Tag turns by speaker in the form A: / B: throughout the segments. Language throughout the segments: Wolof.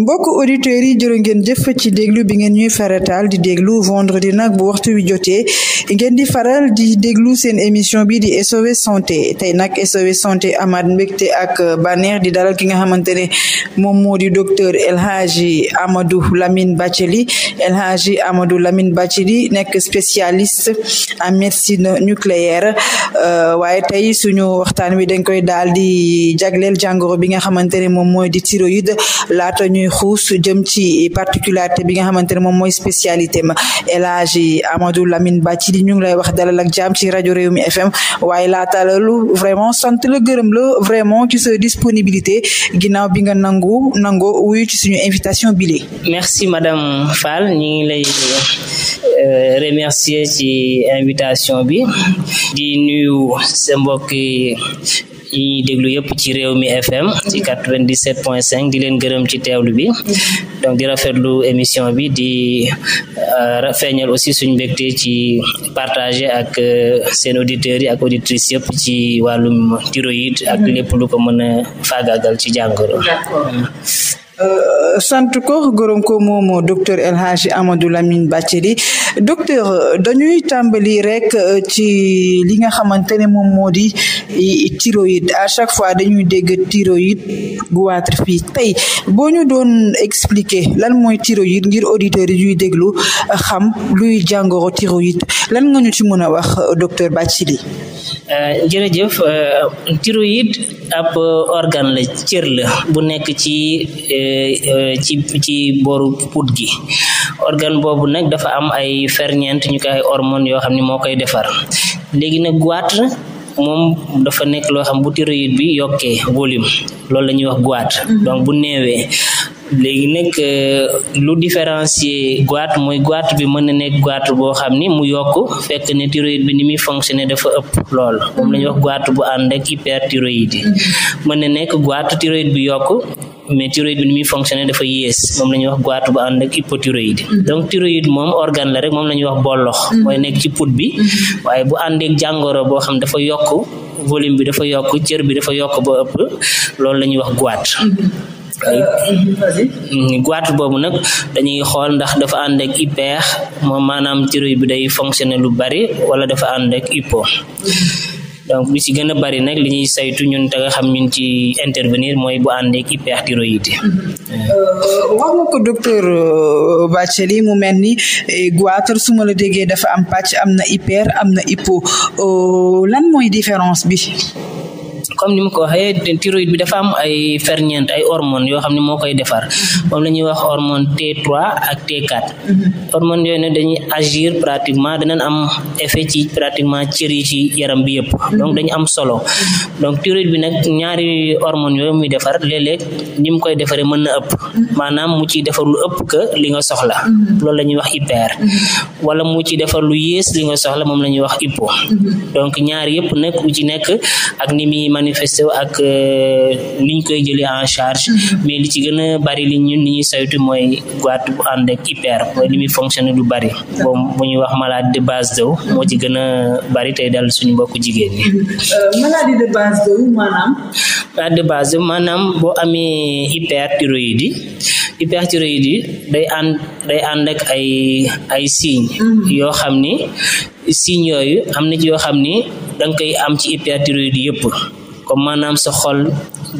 A: mbokk auditeurs yi jërë ngeen jëf ci déglu bi ngeen ñuy faratal di déglu vendredi nag bu waxtu wi jotee ngeen di faral di déglu seen émission bi di SOS santé tey nag SOS santé amaat mbégte ak banneex di dalal ki nga xamante ne moom moo di docteur El Hadji Amadou Lamine Bathily El Hadji Amadou Lamine Bathily nekk spécialiste en médecine nucléaire euh, waaye tey suñu waxtaan wi dañ koy daal di jagleel jàngoro bi nga xamante ne moom mooy di thyroïde laata ñu ñuy xuus jëm ci particularité bi nga xamante ne moom mooy spécialité ma El Hadji Amadou Lamine di ñu ngi lay wax dalal ak jàmm ci rajo mi FM waaye laata loolu vraiment sant la gërëm la vraiment ci sa disponibilité ginnaaw bi nga nangu nangoo wuyu ci suñu invitation bile.
B: merci madame Fall ñu ngi lay euh, remercier ci invitation bi di nuyu sa mbokki ñuy déglu yëpp ci réew mi FM ci mhm. quatre vingt dix sept point cinq di leen gërëm ci lu bi mhm. donc di rafetlu émission bi di euh, feeñal aussi suñ mbégte ci partager ak euh, seen auditeurs yi ak auditrices yëpp ci wàllum thyroïde ak mhm. lépp lu ko mën a faagaagal ci jàngoro.
A: Euh, sant ko gërëm ko moom docteur El Hadji Amadou Lamine Bathily docteur euh, dañuy tàmbali rek euh, ci li nga xamante ne moom moo di thyroïde à chaque fois dañuy dégg thyroïde goitre fii tey boo ñu doon expliquer lan mooy thyroïde ngir auditeurs yi ñuy déglu euh, xam luy jàngoro thyroïde lan nga ñu ci mën a wax docteur Bathily
B: jërëjëf thyroïde ab organe la cër la bu nekk ci ci ci booru put gi organe boobu nag dafa am ay ay ferñeent ñu koy hormone yoo xam ne moo koy defar léegi nag goitre moom dafa nekk loo xam bu thyroïde bi yokkee volume loolu la ñuy wax guwaat mm-hmm. donc bu néewee léegi nag euh, lu différencier goitre mooy goitre bi mën na nekk goitre boo xam ni mu yokk fekk ne thyroïde bi ni muy fonctionner dafa ëpp lool moom la ñuy wax goitre bu ànd ak hyperthyroïdie mën na nekk goitre thyroïde bi yokk mais thyroïde bi ni muy fonctionner dafa yées moom la ñuy wax goitre bu ànd ak hypothyroïde mm-hmm. donc thyroïde moom organe rek moom la ñuy wax bollox mm-hmm. mooy nekk ci put bi mm-hmm. waaye bu ànd jàngoro boo xam dafa yokk volume bi dafa yokk cër bi dafa yokk ba ëpp loolu la ñuy wax goitre Mmh, goitre boobu nag dañuy xool ndax dafa ànd ak hyper moom maanaam thyroïde bi day fonctionner lu bari wala dafa ànd ak hypo donc bi si gën a bari nag li ñuy saytu ñun te nga xam ñun ci intervenir mooy bu ànd ak hyperthyroïde mmh.
A: euh, wax nga ko docteur euh, Bathily mu mel ni eh, goitre su ma la déggee dafa am pàcc am na hyper am na hypo euh, lan mooy différence bi
B: comme ni mu ko waxee thyroïde bi dafa am ay ferñeent ay hormones yoo xam ne moo koy defar moom la ñuy wax hormone T3 ak T4 hormones yooyu ne dañuy agir pratiquement danañ am effet ci pratiquement cër yi ci yaram bi yëpp donc dañu am solo donc thyroïde bi nag ñaari hormones yooyu muy defar léeg-léeg mu koy defaree mën na ëpp maanaam mu ciy defar lu ëpp que li nga soxla loolu la ñuy wax hyper wala mu ci defar lu yées li nga soxla moom la ñuy wax hypo donc ñaar yëpp nag ku nekk ak ni muy manifesté wu ak euh, niñ koy jëlee en charge mais li ci gën a bari li ñun li ñuy mooy goitte bu ànd ak hyper mooy li muy fonctionné du bari boobu bu ñuy wax maladie de base de moo ci gën a bari tey dal suñu bokku jigéen ñi. Euh,
A: maladie de base de maanaam.
B: boo amee base de maanaam boo amee day ànd day ànd ak ay ay signes mm-hmm. yoo xam ni signes yooyu am na ci yoo xam ni danga koy am ci hyperthyroïdie yëpp comme maanaam sa xol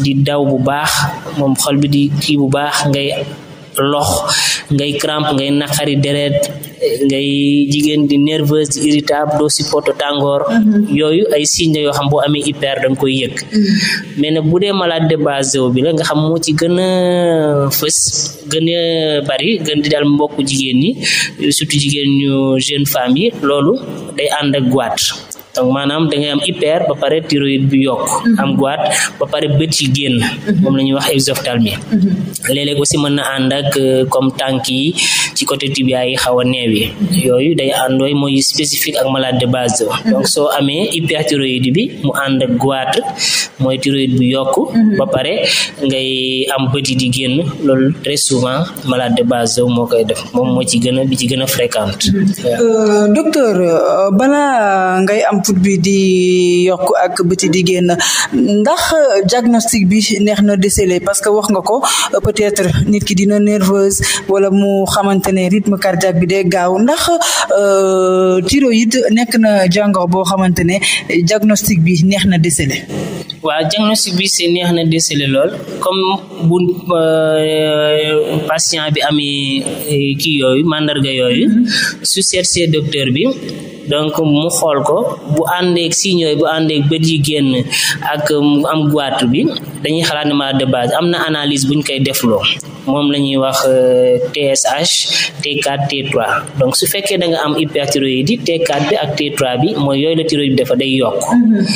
B: di daw bu baax moom xol bi di kii bu baax ngay lox ngay cramp ngay naqari deret ngay jigéen di nerveuse di irritable doo supporte tàngoor mm-hmm. yooyu ay signes la yoo xam boo amee hyper da nga koy yëg mm-hmm. mais nag bu dee malade de base bi la nga xam moo ci gën a fës gën a bari gën di dal mbokku jigéen ñi surtout jigéen ñu jeune femme loolu day ànd ak goitre donc maanaam da ngay am hyper ba pare thyroïde bi yokk mhm. am goitre ba pare bët yi génn mhm. moom la ñuy wax exophtalmie mhm. léeg-léeg aussi mën na ànd ak euh, comme tànk yi ci côté tibia yi xaw a neew yi yooyu day àndooy mooy spécifique ak malade de base donc soo amee hyperthyroïde bi mu ànd ak goitre mooy thyroïde bu yokk ba pare ngay am bët yi di génn loolu très souvent malade de base moo koy def moom moo ci gën a ci gën a fréquente
A: euh, euh, ngay am output bi di yokk ak bëti di génn ndax euh, diagnostic bi neex na déceler parce que wax nga ko euh, peut-être nit ki dina nerveuse wala mu xamante ne rythme cardiaque bi day gaaw ndax euh, thyroïde nekk na jàngoro boo xamante ne diagnostic bi neex na déceler
B: waaw diagnostic bi c'est neex na déceler lool comme bu patient bi amee kii yooyu mandarga yooyu mm-hmm. su seetsee docteur bi donc mu xool ko bu àndeek signaux yi bu àndeek bët yi génn ak mu am guàtt bi dañuy xalaat ne malade de base am na analyse bu ñu koy defloo moom la ñuy wax TSH T4 T3 donc su fekkee da nga am hyperthyroïdie T4 bi ak T3 bi mooy yooyu la thyroïde bi dafa day yokk mm-hmm.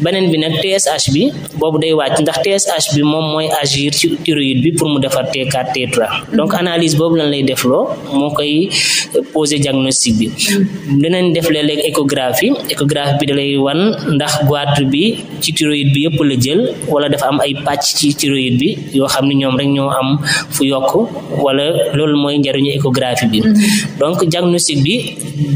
B: beneen bi nag TSH bi boobu day wàcc ndax TSH bi moom mooy agir ci thyroïde bi pour mu defar t mm-hmm. donc analise boobu lañ lay defloo moo koy euh, poser diagnostic bi mm-hmm. dinañ def léeg-léeg échographie échographie bi dalay wan ndax goitre bi ci thyroïde bi yëpp la jël wala dafa am ay ci thyroïde bi yoo xam ne ñoom rek ñoo am fu yokk wala loolu mooy njëriñu échographie bi mm-hmm. donc diagnostic bi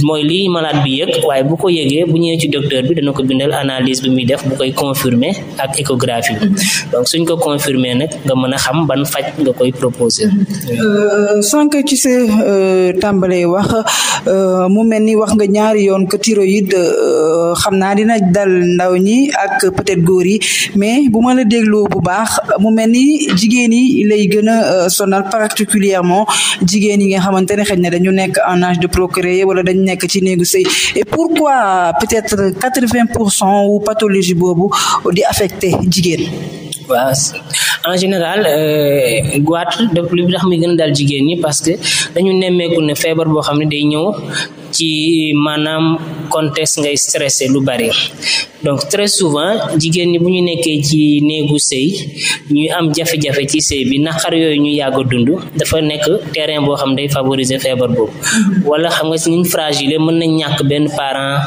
B: mooy lii malade bi yëg waaye bu ko yëgee bu ñëwee ci docteur bi dana ko bindal analyse bi muy def bu koy confirmer ak échographie bi mm-hmm. donc suñ ko confirmer nag nga mën a xam ban faj nga koy proposer
A: mm-hmm. euh, sànq ci sa euh, tàmbalee wax euh, mu mel ni wax nga ñaari yoon que thyroïde xam naa dina dal ndaw ñi ak peut-être mais bu ma la déglu bu baax mu mel ni jigéen yi lay gën a euh, sonal particulièrement jigéen yi nga xamante ne xëy na dañu nekk en âge de procréer wala dañu nekk ci néegu sëy et pourquoi peut-être quatre-vingts pour cent wu pathologie boobu di affecté jigéen
B: en général euh, goitre de plus bi tax muy gën dal jigéen ñi parce que dañu nemmeeku ne feebar boo xam ne day ñëw ci maanaam contexte ngay stressé lu bari donc très souvent jigéen ñi bu ñu nekkee ci néegu sëy ñu am jafe-jafe ci sëy bi naqar yooyu ñu yàgg a dund dafa nekk terrain boo xam day favoriser feebar boobu wala xam nga si ñu fragile mën nañ ñàkk benn parent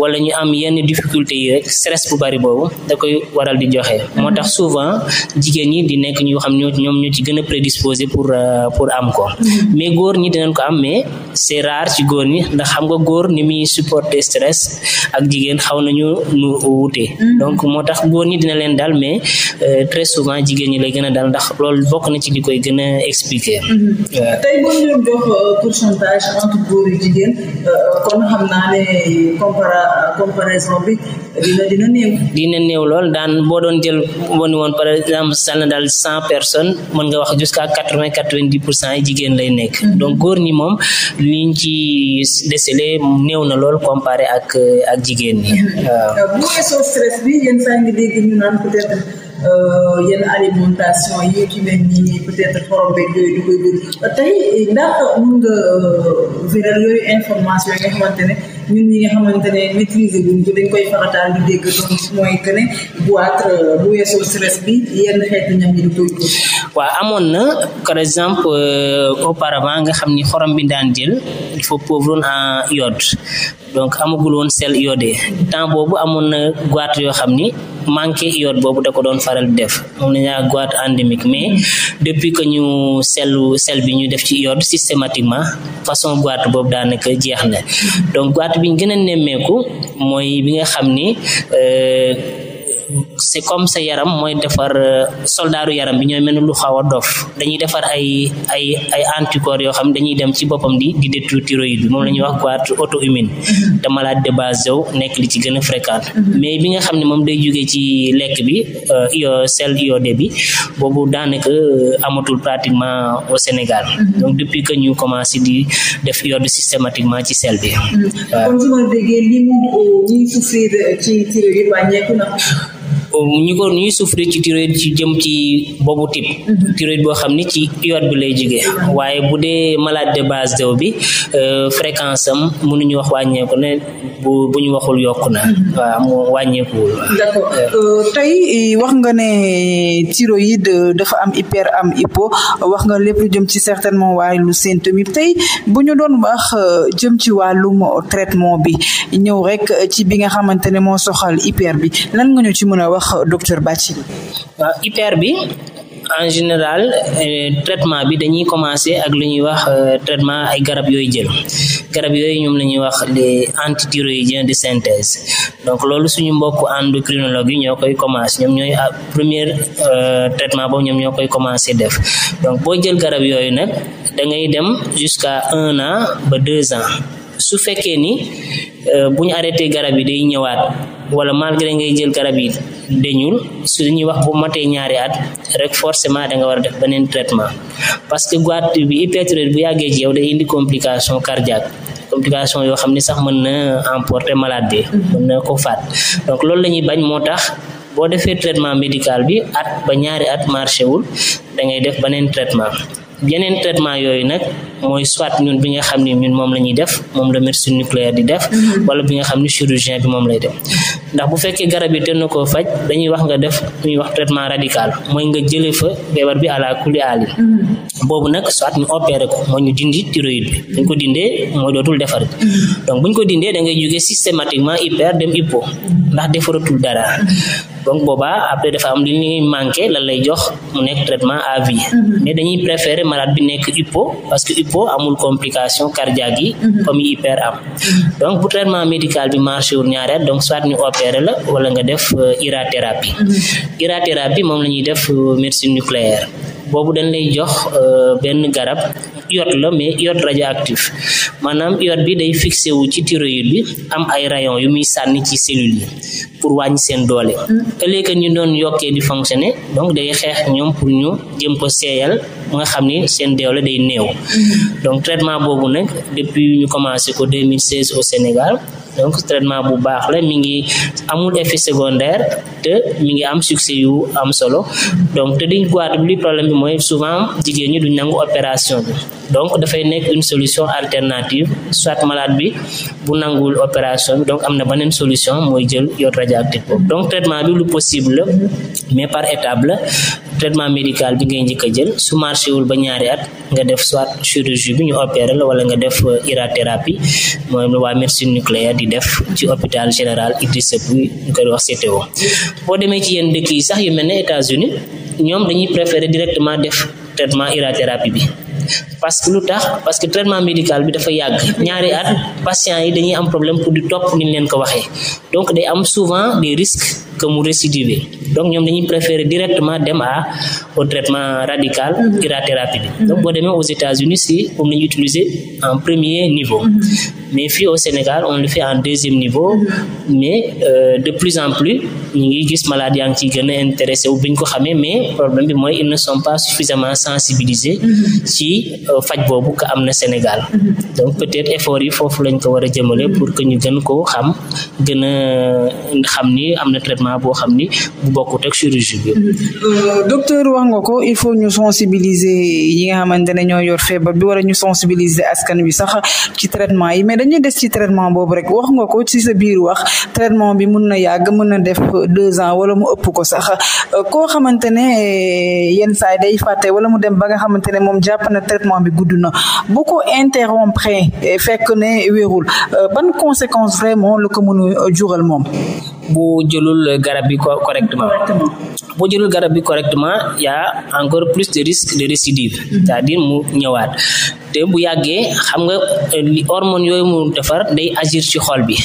B: wala ñu am yenn difficulté yi rek stress bu bari boobu da koy waral di joxe moo tax souvent jigéen ñi di nekk ñu xam ñoom ñoo ci gën a prédisposé pour euh, pour am ko mm-hmm. mais góor ñi dinañ ko am mais c'est rare ci góor ñi ndax xam nga góor ni muy supporter stress ak jigéen xaw nañu nu wute mm-hmm. donc moo tax góor ñi dina leen daal mais euh, très souvent jigéen ñi lay gën a daal ndax loolu bokk na ci li koy gën a expliquer mm-hmm. tey euh, euh, néew lool daan boo doon jël boo woon par exemple sànn daal cent personnes mën nga wax jusqu'à quatre-vingt quatre-vingt-dix pour cent yi jigéen lay nekk mm-hmm. donc góor ñi moom liñ ci sële néew na loolu comparé ak euh, ak jigéen ñi waaw euh,
A: bu weesoo stress bi yéen saa ngi dégg ñu naan peut-être euh, yenn alimentation yi ci mel ni peut-être xorom beeg yooyu du koy dégg tey ndax mun nga wéral yooyu information yi nga ñun ñi nga xamante ne maîtriser buñ ko dañ koy farataal di dégg donc mooy que ne boîte euh, bu weesoo stress bi yenn xeetu ñam yi di koy tuur. waaw amoon na
B: par exemple euh, auparavant nga xam ni xorom bi daan jël il en iode. donc amagul woon sel iodé temps boobu amoon na goite yoo xam ni manqué iode boobu da doon faral di def moom la ñaa goite endémique mais depuis que ñu selu sel bi ñu def ci iode systématiquement façon goite boobu daanaka jeex na donc goite bi ñu gën a nemmeeku mooy bi nga xam ni euh, c'est comme sa yaram mooy defar euh, soldaaru yaram bi ñooy mel ni lu xaw a dof dañuy defar ay ay ay anticorps yoo xam dañuy dem ci boppam di di détruire thyroïde bi moom la ñuy wax goitre auto-immune te malade de nekk li ci gën a fréquent mm-hmm. mais bi nga xam ne moom day jógee ci lekk bi euh, io sel iode bi boobu daanaka euh, amatul pratiquement au Sénégal mm-hmm. donc depuis que ñu commencé di def iode systématiquement ci sel bi
A: mm-hmm. waaw
B: Euh, ñi ko ñuy souffrir ci thyroïde ci jëm ci boobu type mhm. thyroïde boo xam ne ci iode bi lay jógee waaye bu dee malade de base dew bi euh, fréquence am mënuñu wax wàññeeku ne bu bu ñu waxul yokk na mhm. waaw mu wàññeekuwul
A: euh, tey wax nga ne thyroïde dafa am hyper am hypo wax nga lépp lu jëm ci certainement waaye lu symptôme yi tey bu ñu doon wax jëm ci wàllum traitement bi ñëw rek ci bi nga xamante ne moo soxal hyper bi lan nga ñu ci mën a wax wax docteur Bathily
B: waaw IPR bi en général euh, traitement bi dañuy commencer ak lu ñuy wax euh, traitement ay garab yooyu jël garab yooyu ñoom la ñuy wax les antithyroïdiens de synthèse donc loolu suñu mbokku endocrinologue yi ñoo koy commencer ñoom ñooy ah, premier euh, traitement boobu ñoom ñoo koy commencer def donc boo jël garab yooyu nag da ngay dem jusqu'à un an ba deux ans su fekkee ni bu ñu arrêté garab yi day ñëwaat wala malgré ngay jël garab yi deñul su ñuy wax bu matee ñaari at rek forcément da nga war a def beneen traitement parce que goitre bi hyperthyroïde bi yàggee ci yow day indi complication cardiaque complication yoo xam ne sax mën na emporter malade bi mën na ko faat donc loolu la ñuy bañ moo tax boo defee traitement médical bi at ba ñaari at marché wul da ngay def beneen traitement yeneen traitement yooyu nag mooy soit ñun bi nga xam ni ñun moom la ñuy def moom la médecine nucléaire di def mhm. wala bi nga xam ni chirurgien bi moom lay def ndax bu fekkee garab yi te na koo faj dañuy wax nga def ñuy wax traitement radical mooy nga jëlee fa feebar bi àla kuli
C: mhm.
B: boobu nag soit ñu opéré ko mooy ñu dindi thyroïde bi buñ ko dindee mooy dootul defar
C: mhm.
B: donc buñ ko dindee da ngay jógee systématiquement hyper dem hypo ndax defaratul dara donc boobaa après dafa am li ñuy manqué lan lay jox mu nekk traitement à vie mhm. mais dañuy préférer malade bi nekk hypo parce que hypo amul complication cardiaque gi mhm. comme yi hyper am mhm. donc bu traitement médical bi marché wul ñaareel donc soit ñu opérer la wala nga def euh, irathérapie irathérapie moom la ñuy def euh, médecine nucléaire boobu dañ lay jox euh, benn garab iode la mais iode radioactif maanaam iode bi day fixé wu ci thyroïde bi am ay rayon yu muy sànni ci cellules yi pour wàññi seen doole ëllëg mm. ñu doon yokkee di fonctionner donc day xeex ñoom pour ñu jëm seyal seeyal ba nga xam ni seen la day néew mm-hmm. donc traitement boobu nag depuis ñu commencé ko 2016 au Sénégal donc traitement bu baax la mi ngi amul effet secondaire te mi ngi am succès yu am solo donc te diñ guaat bi li problème bi mooy souvent jigéen ñi duñ nangu opération bi donc dafay nekk une solution alternative soit malade bi bu nanguwul opération bi donc am na beneen solution mooy jël yoon radioactif boobu donc traitement bi lu possible mais par étape traitement médical bi ngay njëkk a jël su marché wul ba ñaari at nga def soit chirurgie bi ñu opéré la nga def euh, irathérapie mooy waa médecine nucléaire di def ci hôpital général Idrissa Pouye ñu koy boo demee ci yenn dëkk yi sax yu mel ne États-Unis ñoom dañuy préférer directement def traitement irathérapie bi parce que lu tax parce que traitement médical bi dafa yàgg ñaari at patients yi dañuy am problème pour di topp ni leen ko waxee donc day am souvent que mu récidiver donc ñoom dañuy préférer directement dem à au traitement radical chirurgie mhm. donc mhm. boo demee aux États-Unis si moom la utiliser en premier niveau mhm. mais fii au Sénégal on le fait en deuxième niveau mais euh, de plus en plus ñu ngi gis malade yaa ngi ciy gën a intéressé wu bi ñu ko xamee mais problème bi mooy ils ne sont pas suffisamment sensibilisés ci euh, faj boobu que am na Sénégal donc peut effort yi foofu lañ ko war a jëmale pour que ñu gën koo xam gën a xam ni traitement boo xam ni bu bokkut ak chirurgie bi.
A: Mhm. Euh, docteur wax nga ko il faut ñu sensibiliser yi nga xamante ne ñoo yor feebar bi wala ñu sensibiliser askan wi sax ci traitement yi mais dañuy des ci traitement boobu rek wax nga ko ci sa biir wax traitement bi mun na yàgg mun na def deux ans wala mu ëpp ko sax euh, koo xamante ne eh, yenn saa day fàtte wala mu dem ba nga xamante ne moom jàpp na traitement bi gudd na bu ko interrompre eh, fekk ne wéerul euh, ban conséquence vraiment lu ko mën a moom.
B: bu jëlul garab bi correctement bu jëlul garab bi correctement y a encore plus de risque de récidive mm-hmm. cest dire mu ñëwaat te bu yàggee xam nga euh, li hormone yooyu mu defar day agir ci xool bi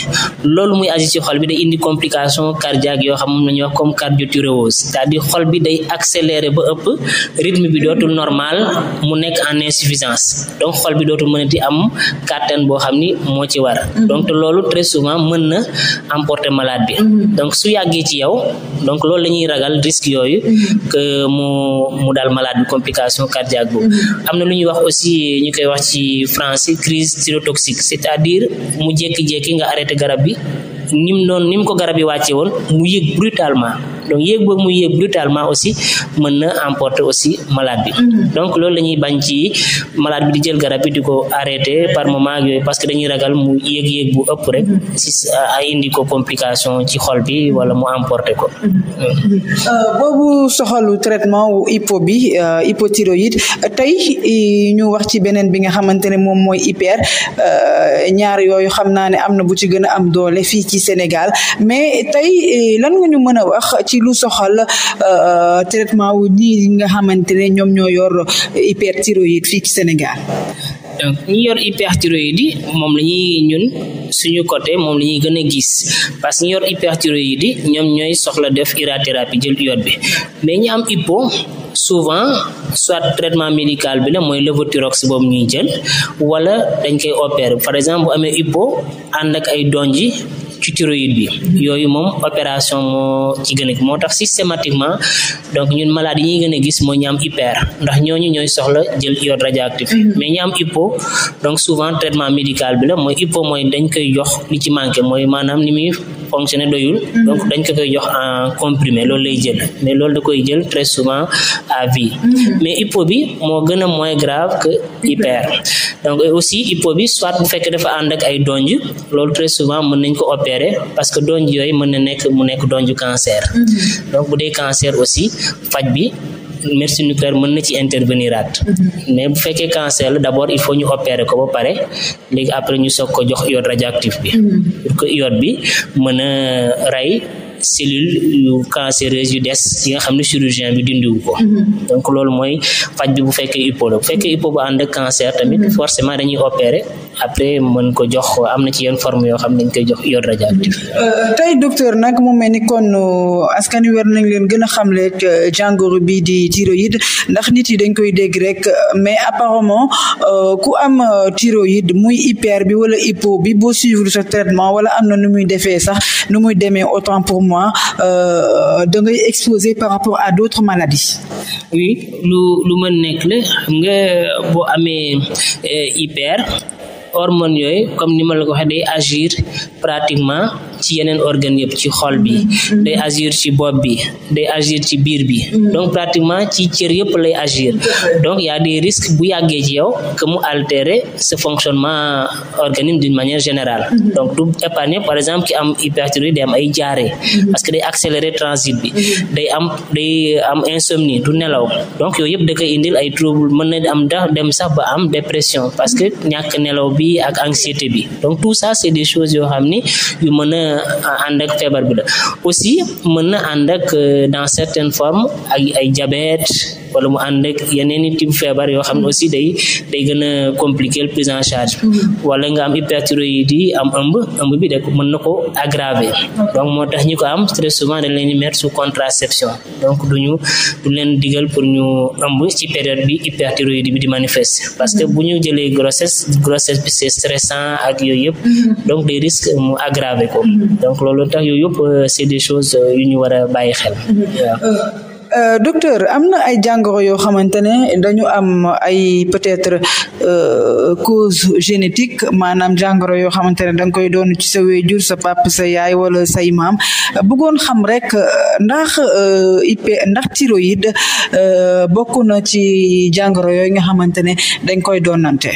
B: loolu muy agir ci xol bi day indi complication cardiaque yoo xam moom la ñuy wax comme cardiothyréose c'est-à-dire bi day accélérer ba ëpp rythme bi dootul normal mu nekk en insuffisance donc xol bi dootul mënati am kàttan boo xam ni moo ci war mhm. donc te loolu très souvent mën na emporter malade bi mhm. donc su yàggee ci yow donc loolu la ñuy ragal risque yooyu mhm. que mu mu dal malade bi complication cardiaque boobu am na lu ñuy wax aussi koy wax ci français crise thyrotoxique c'est-à-dire mu jékki-jékki nga arrêté garab bi nim noonu nim ko garab yi wàcce woon mu yëg brutalement donc yéeg boobu muy yéeg brutalement aussi mën na emporter aussi malade bi mm-hmm. donc loolu la ñuy bañ ci malaat bi di jël garab bi di ko arrêter par moment yooyu parce que dañuy ragal mu yéeg yéeg bu ëpp rek mm-hmm. si ay indi ko complication ci xol bi wala mu emporter ko mm-hmm.
A: Euh, boobu soxalu traitement wu hypo bi euh, hypothyroïde tey ñu wax ci beneen bi nga xamante ne moom mooy hyper euh, ñaar yooyu xam naa ne am na bu ci gën a am doole fii ci Sénégal mais tey lan ñu mën a wax ci lu soxal euh, traitement wu ñii nga xamante ne ñoom ñoo yor hyperthyroïde fii ci Sénégal
B: donc ñi yor hyperthyroïde moom la ñuy ñun suñu côté moom la ñuy gën a gis parce que ñi yor hyperthyroïde yi ñoom ñooy soxla def irathérapie jël iode bi mais ñi am hypo souvent soit traitement médical bi la mooy levothyrox boobu ñuy jël wala dañ koy opérer par exemple amee hypo ànd ak ay donji ci bi yooyu moom opération moo ci gën a moo tax systématiquement donc ñun malade yi ñuy gën a gis mooy ñaam am hyper ndax ñooñu ñooy soxla jël iode radioactif mhm. mais ñi am hypo donc souvent traitement médical bi la mooy hypo mooy dañ koy jox li ci manqué mooy maanaam ni muy fonctionné doyul mhm. donc dañ ko koy jox en comprimé loolu lay jël mais loolu da koy jël très souvent à mhm. mais hypo bi moo gën a moins grave que hyper donc aussi hypo bi soit bu fekkee dafa ànd ak ay donj loolu très souvent mën nañ ko opérer parce que donj yooyu mën na nekk mu nekk donj cancer mhm. donc bu dee cancer aussi faj bi médecine nucléaire mën na ci intervenir aat mais bu fekkee cancer la d' abord il faut ñu opérer ko ba pare léegi après ñu soog ko jox iode radioactif bi mm-hmm. pour que iode bi mën a rey cellule yu cancéreuse yu des yi nga xam ne chirurgien bi dindiwu ko mm-hmm. donc loolu mooy faj bi bu fekkee hypo la bu fekkee hypo bu ànd ak cancer tamit mm-hmm. forcément dañuy opérer après mën ko jox am na ci yenn forme yoo xam ne dañ koy jox iode radioactif.
A: Euh, tey docteur nag mu mel ni kon euh, askan wi war nañ leen gën a xamle euh, jàngoro bi di thyroïde ndax nit yi dañ koy dégg rek mais apparemment ku am thyroïde muy hyper bi wala hypo bi boo suivre ce traitement wala am na nu muy defee sax nu muy demee autant pour moi da ngay exposé par rapport à d'autres maladies. oui lu lu mën nekk la xam nga boo
B: amee hyper. hormones yooyu comme ni ma la ko waxee day agir pratiquement ci yeneen organes yëpp ci xol bi day agir ci bop bi day agir ci biir bi donc pratiquement ci cër yëpp lay agir donc y a des risques bu yàggee ci yow que mu altérer ce fonctionnement organisme d'une manière générale donc du épargner par exemple ki am hyperthyroïdie dem ay diarrhée parce que day accélérer transit bi day am day am insomnie du nelaw donc yooyu yëpp da koy indil ay trouble mën na am da dem sax ba am dépression parce que ñàkk nelaw bi ak anxiété bi donc tout ça c'est na ànd ak feebar bi la aussi mën na ànd ak euh, dans certaines formes ay ay diabète wala mu ànd ak yeneen i feebar yoo xam ne aussi day day gën a compliquer le prise en charge mm-hmm. wala nga am hyperthyroïde yi am ëmb ëmb bi de mën na ko aggraver mm-hmm. donc moo tax ñi ko am très souvent dañ leen di mettre sous contraception donc ñu du leen digal pour ñu ëmb ci période bi hyperthyroïde bi di manifeste parce que bu ñu jëlee grossesse grossesse bi c'est stressant ak yooyu yëpp mm-hmm. donc des risques mu aggraver ko donc loolu tax yooyu yëpp euh, c'est des choses euh, yu ñu war a bàyyi xel
A: Euh, docteur am na ay jàngoro yoo xamante ne dañu am ay peut-être euh, cause génétique maanaam jàngoro yoo xamante ne da nga koy doon ci sa waajur sa pap sa yaay wala say maam bëggoon xam rek euh, ndax IP ndax thyroïde bokk na ci jàngoro yooyu nga xamante ne dañ koy doonante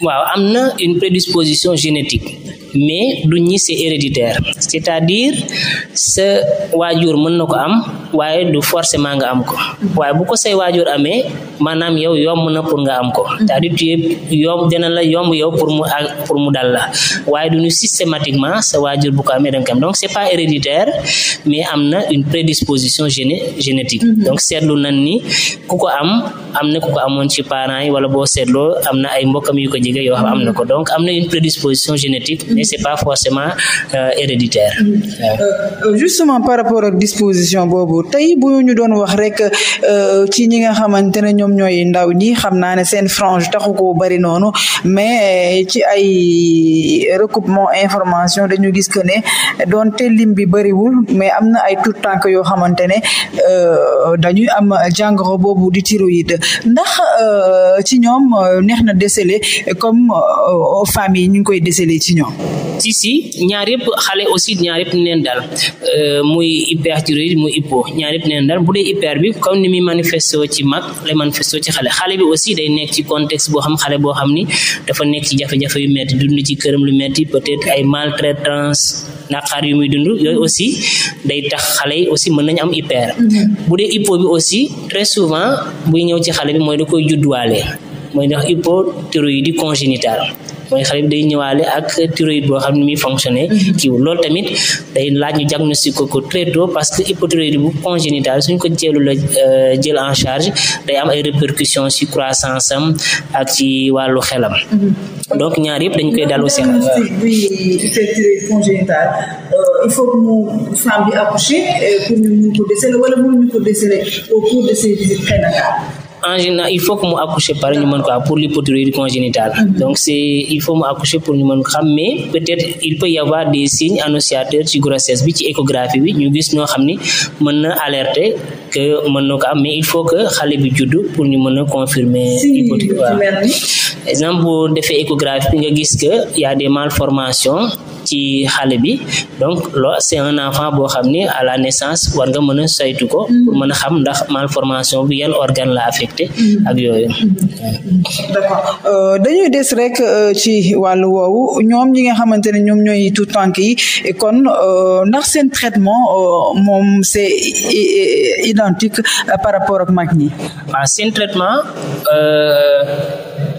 B: waaw am na une prédisposition génétique mais du ñi c'est héréditaire c'est-à-dire sa waajur mën na ko am waaye du forcément nga am ko waaye bu ko say waajur amee maanaam yow yomb na pour nga am ko c'est-à-dire tu la yomb yow pour mu pour mu dal la waaye du ñu systématiquement sa waajur bu ko amee da nga am donc c'est pas héréditaire mais am na une prédisposition géné génétique mhm. donc seetlu nañ ni ku ko am am na ku ko amoon ci parents yi wala boo seetloo am na ay mbokkam yu ko jege yoo am na ko mhm. donc am c'est pas forcément euh, héréditaire. Mm.
A: Euh, euh, justement par rapport ak disposition boobu tey bu ñu doon wax rek ci ñi nga xamante ne ñoom ñooy ndaw ñi xam naa ne seen frange taxu ko bari noonu mais eh, ci ay recoupement information dañu gis que ne donte lim bi bariwul mais am na ay tout tànk yoo xamante ne dañuy am jàngoro boobu di thyroïde ndax ci ñoom neex na déceler comme famille ñu ngi koy déceler ci ñoom.
B: si si ñaar yëpp xale aussi ñaar yëpp neen daal euh, muy hyper thyroïde muy hypo ñaar yëpp neen daal bu dee hyper bi comme ni muy manifesté ci mag lay manifesté ci xale xale bi aussi day nekk ci contexte boo xam xale boo xam ni dafa nekk ci jafe-jafe yu metti dund ci këram lu metti peut-être ay maltraitance naqaar yu muy dund yooyu aussi day tax xale yi aussi mën nañu am hyper mm-hmm. bu dee hypo bi aussi très souvent buy ñëw ci xale bi mooy da koy juddwaale mooy ndax hypothyroïdie congénitale mooy xale day ñëwaale ak thyroïde boo xam ne muy fonctionné mhm. kiiw lool tamit day laaj ñu diagnostic ko très tôt parce que hypothyroïdie bu congénital suñ ko jëlu euh, jël en charge day am ay répercussions ci croissance am ak ci wàllu xelam mhm. donc ñaar yëpp dañ koy dalu seen
A: euh, il faut que euh, ko déceler wala mun ñu ko déceler au cours de ces
B: en il faut que mu accoucher par ñu mën ko am ah, pour l'hypothyroïdie congénitale donc c'est il faut mu accoucher pour ñu mën ko xam mais peut-être il peut y des signes annonciateurs ci grossesse bi ci échographie bi ñu gis ñoo xam ni mën na alerté que mën na ko am mais il faut que xale bi juddu pour ñu mën a confirmer hypothèse waaw exemple boo defee échographie bi nga gis que y a des ci xale bi donc loolu c'est boo xam ni a la naissance war nga mën a saytu ko mm-hmm. pour mën a xam ndax malformation bi yan organe la affecté mm-hmm. ak yooyu mm-hmm.
A: d'accord euh, dañuy des rek euh, ci wàllu woowu ñoom ñi nga ñoom ñooy tout tànk yi kon euh, ndax seen traitement moom c'est identique euh, par rapport ak mag ñi.
B: waaw seen traitement euh,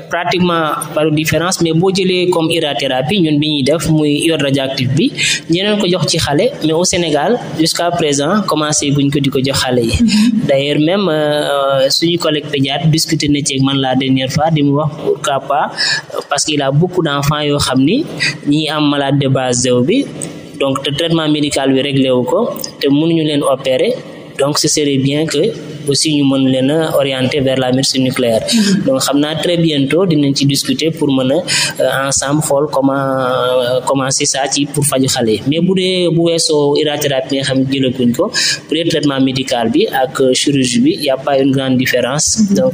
B: pratiquement baru différence mais boo jëlee comme irathérapie ñun bi ñuy def muy iode radioactif bi ñeneen ko jox ci xale mais au Sénégal jusqu'à présent commencé guñ ko di ko jox xale yi mm-hmm. d'ailleurs même euh, suñu collègue pédiatre discuter na ci man la dernière fois di mu wax pourquoi pas parce qu'il a beaucoup d'enfants yoo xam ni ñi am malade de base zew bi donc te traitement médical bi réglé wu ko te mënuñu leen opérer donc ce serait bien que aussi ñu mën leen a orienter vers la médecine nucléaire mm-hmm. donc xam naa très bientôt dinañ ci discuter pour mën a euh, ensemble xool comment euh, commencer ça ci pour faju xale yi mais bu dee bu weesoo irathérapie nga xam ne jëlaguñ ko pour le médical bi ak euh, chirurgie bi y a pas une grande différence mm-hmm. donc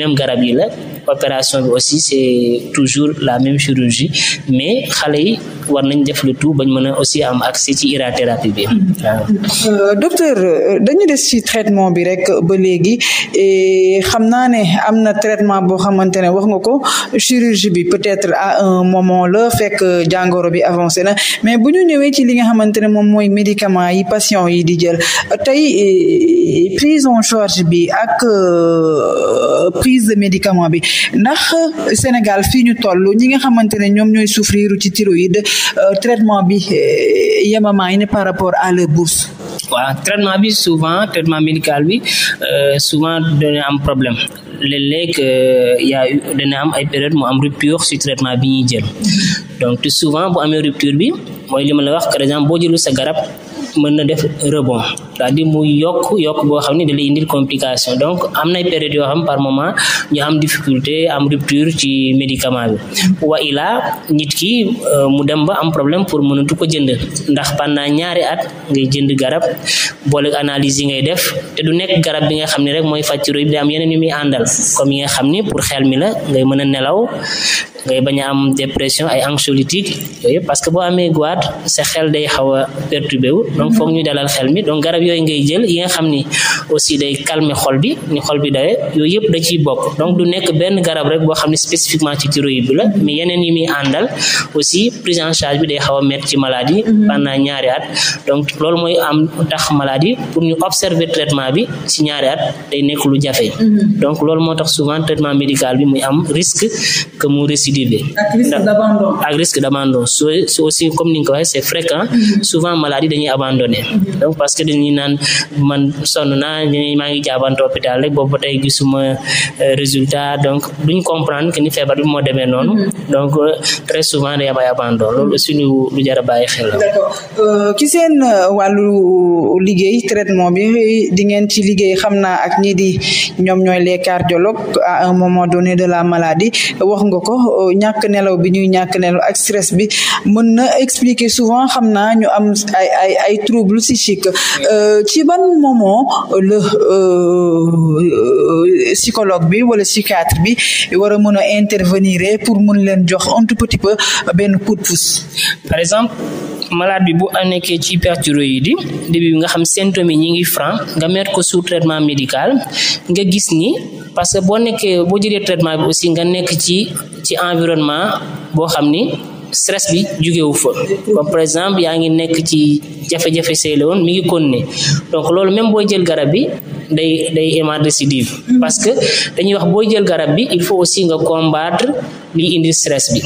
B: même garab yi la opération bi aussi c'est toujours la même chirurgie mais xale yi war nañ def le tout bañ mën a aussi am accès ci irathérapie bi
A: waaw euh, euh, dañu des ci traitement bi rek ba léegi xam naa ne am na traitement boo xamante ne wax nga ko chirurgie bi peut-être à un moment la fekk jàngoro bi avancé na mais bu ñu ñëwee ci li nga xamante ne moom mooy médicament yi patient yi di jël tey euh, prise en bi ak prise de médicament bi ndax fii ñu toll ñi nga xamante ne ñoom ñooy souffrir ci thyroïde Euh, traitement bi euh, yemamaay ne par rapport à leur bourse
B: waaw traitement bi souvent traitement médical bi euh, souvent dana am problème léeg-léeg yaa dana am ay période mu am rupture si traitement bi ñuy jël donc souvent boo amee rupture bi mooy li ma la wax par exemple boo jëlu sa garab mën na def rebond c'est-à-dire mu yokk yokk boo xam ne da lay indil complication donc am nay période yoo xam par moment ñu am difficulté am rupture ci médicament bi wa ila nit ki euh, mu dem ba am problème pour mënatu ko jënd ndax pendant ñaari at ngay jënd garab boole analyse yi ngay def te du nekk garab bi nga xam ne rek mooy fàcciro bi da am yeneen yu muy àndal comme yi nga xam ni pour xel mi la ngay mën a nelaw ngay bañ a am dépression ay anxiolytique yooyu parce que boo amee goiat sa xel day xaw a donc foog ñu dalal xel mi donc garab yooyu ngay jël yi nga xam ni aussi day calmer xol bi ni xol bi dawee yooyu yëpp da ciy bokk donc du nekk benn garab rek boo xam ne spécifiquement ci thyroïde bi la mais yeneen yi muy àndal aussi prise en charge bi day xaw a mettre ci maladie mhm. pendant ñaari at donc loolu mooy am tax maladie pour ñu observer traitement bi ci ñaari at day nekk lu jafe mhm. récidiver.
A: ak risque d'abandon
B: ak risque d'abandon su aussi comme ni nga ko waxee c'est fréquent mm-hmm. souvent maladie dañuy abandonné mm-hmm. donc parce que dañuy naan man sonn naa maa ngi jaabante hôpital rek boobu ba tey gisuma euh, résultat donc duñ comprendre que ni feebar bi moo demee noonu mm-hmm. donc euh, très souvent day am ay abandon loolu aussi lu lu jar a bàyyi
A: euh, seen wàllu liggéey traitement bi di ci liggéey xam naa ak ñii di ñoom ñooy les cardiologues à un moment donné de la maladie wax nga ñàkk nelaw bi ñuy ñàkk nelaw ak stress bi mën na expliquer souvent xam naa ñu am ay ay ay trouble psychique euh, ci ban moment le euh, psychologue bi wala psychiatre bi war a mën a intervenir pour mën leen jox un tout petit peu benn coup par
B: exemple malade bi bu nekkee ci di début bi nga xam symptômes yi ñi ngi franc nga mettre ko sous traitement médical nga gis ni parce que boo nekkee boo jëlee traitement bi aussi nga nekk ci ci environnement boo xam ni stress bi jógewu fa par exemple yaa ngi nekk ci jafe-jafe say la woon mi ngi continuer donc loolu même booy jël garab bi day day émat récidive parce que dañuy wax boo jël garab bi il faut aussi nga combattre liy indi stress bi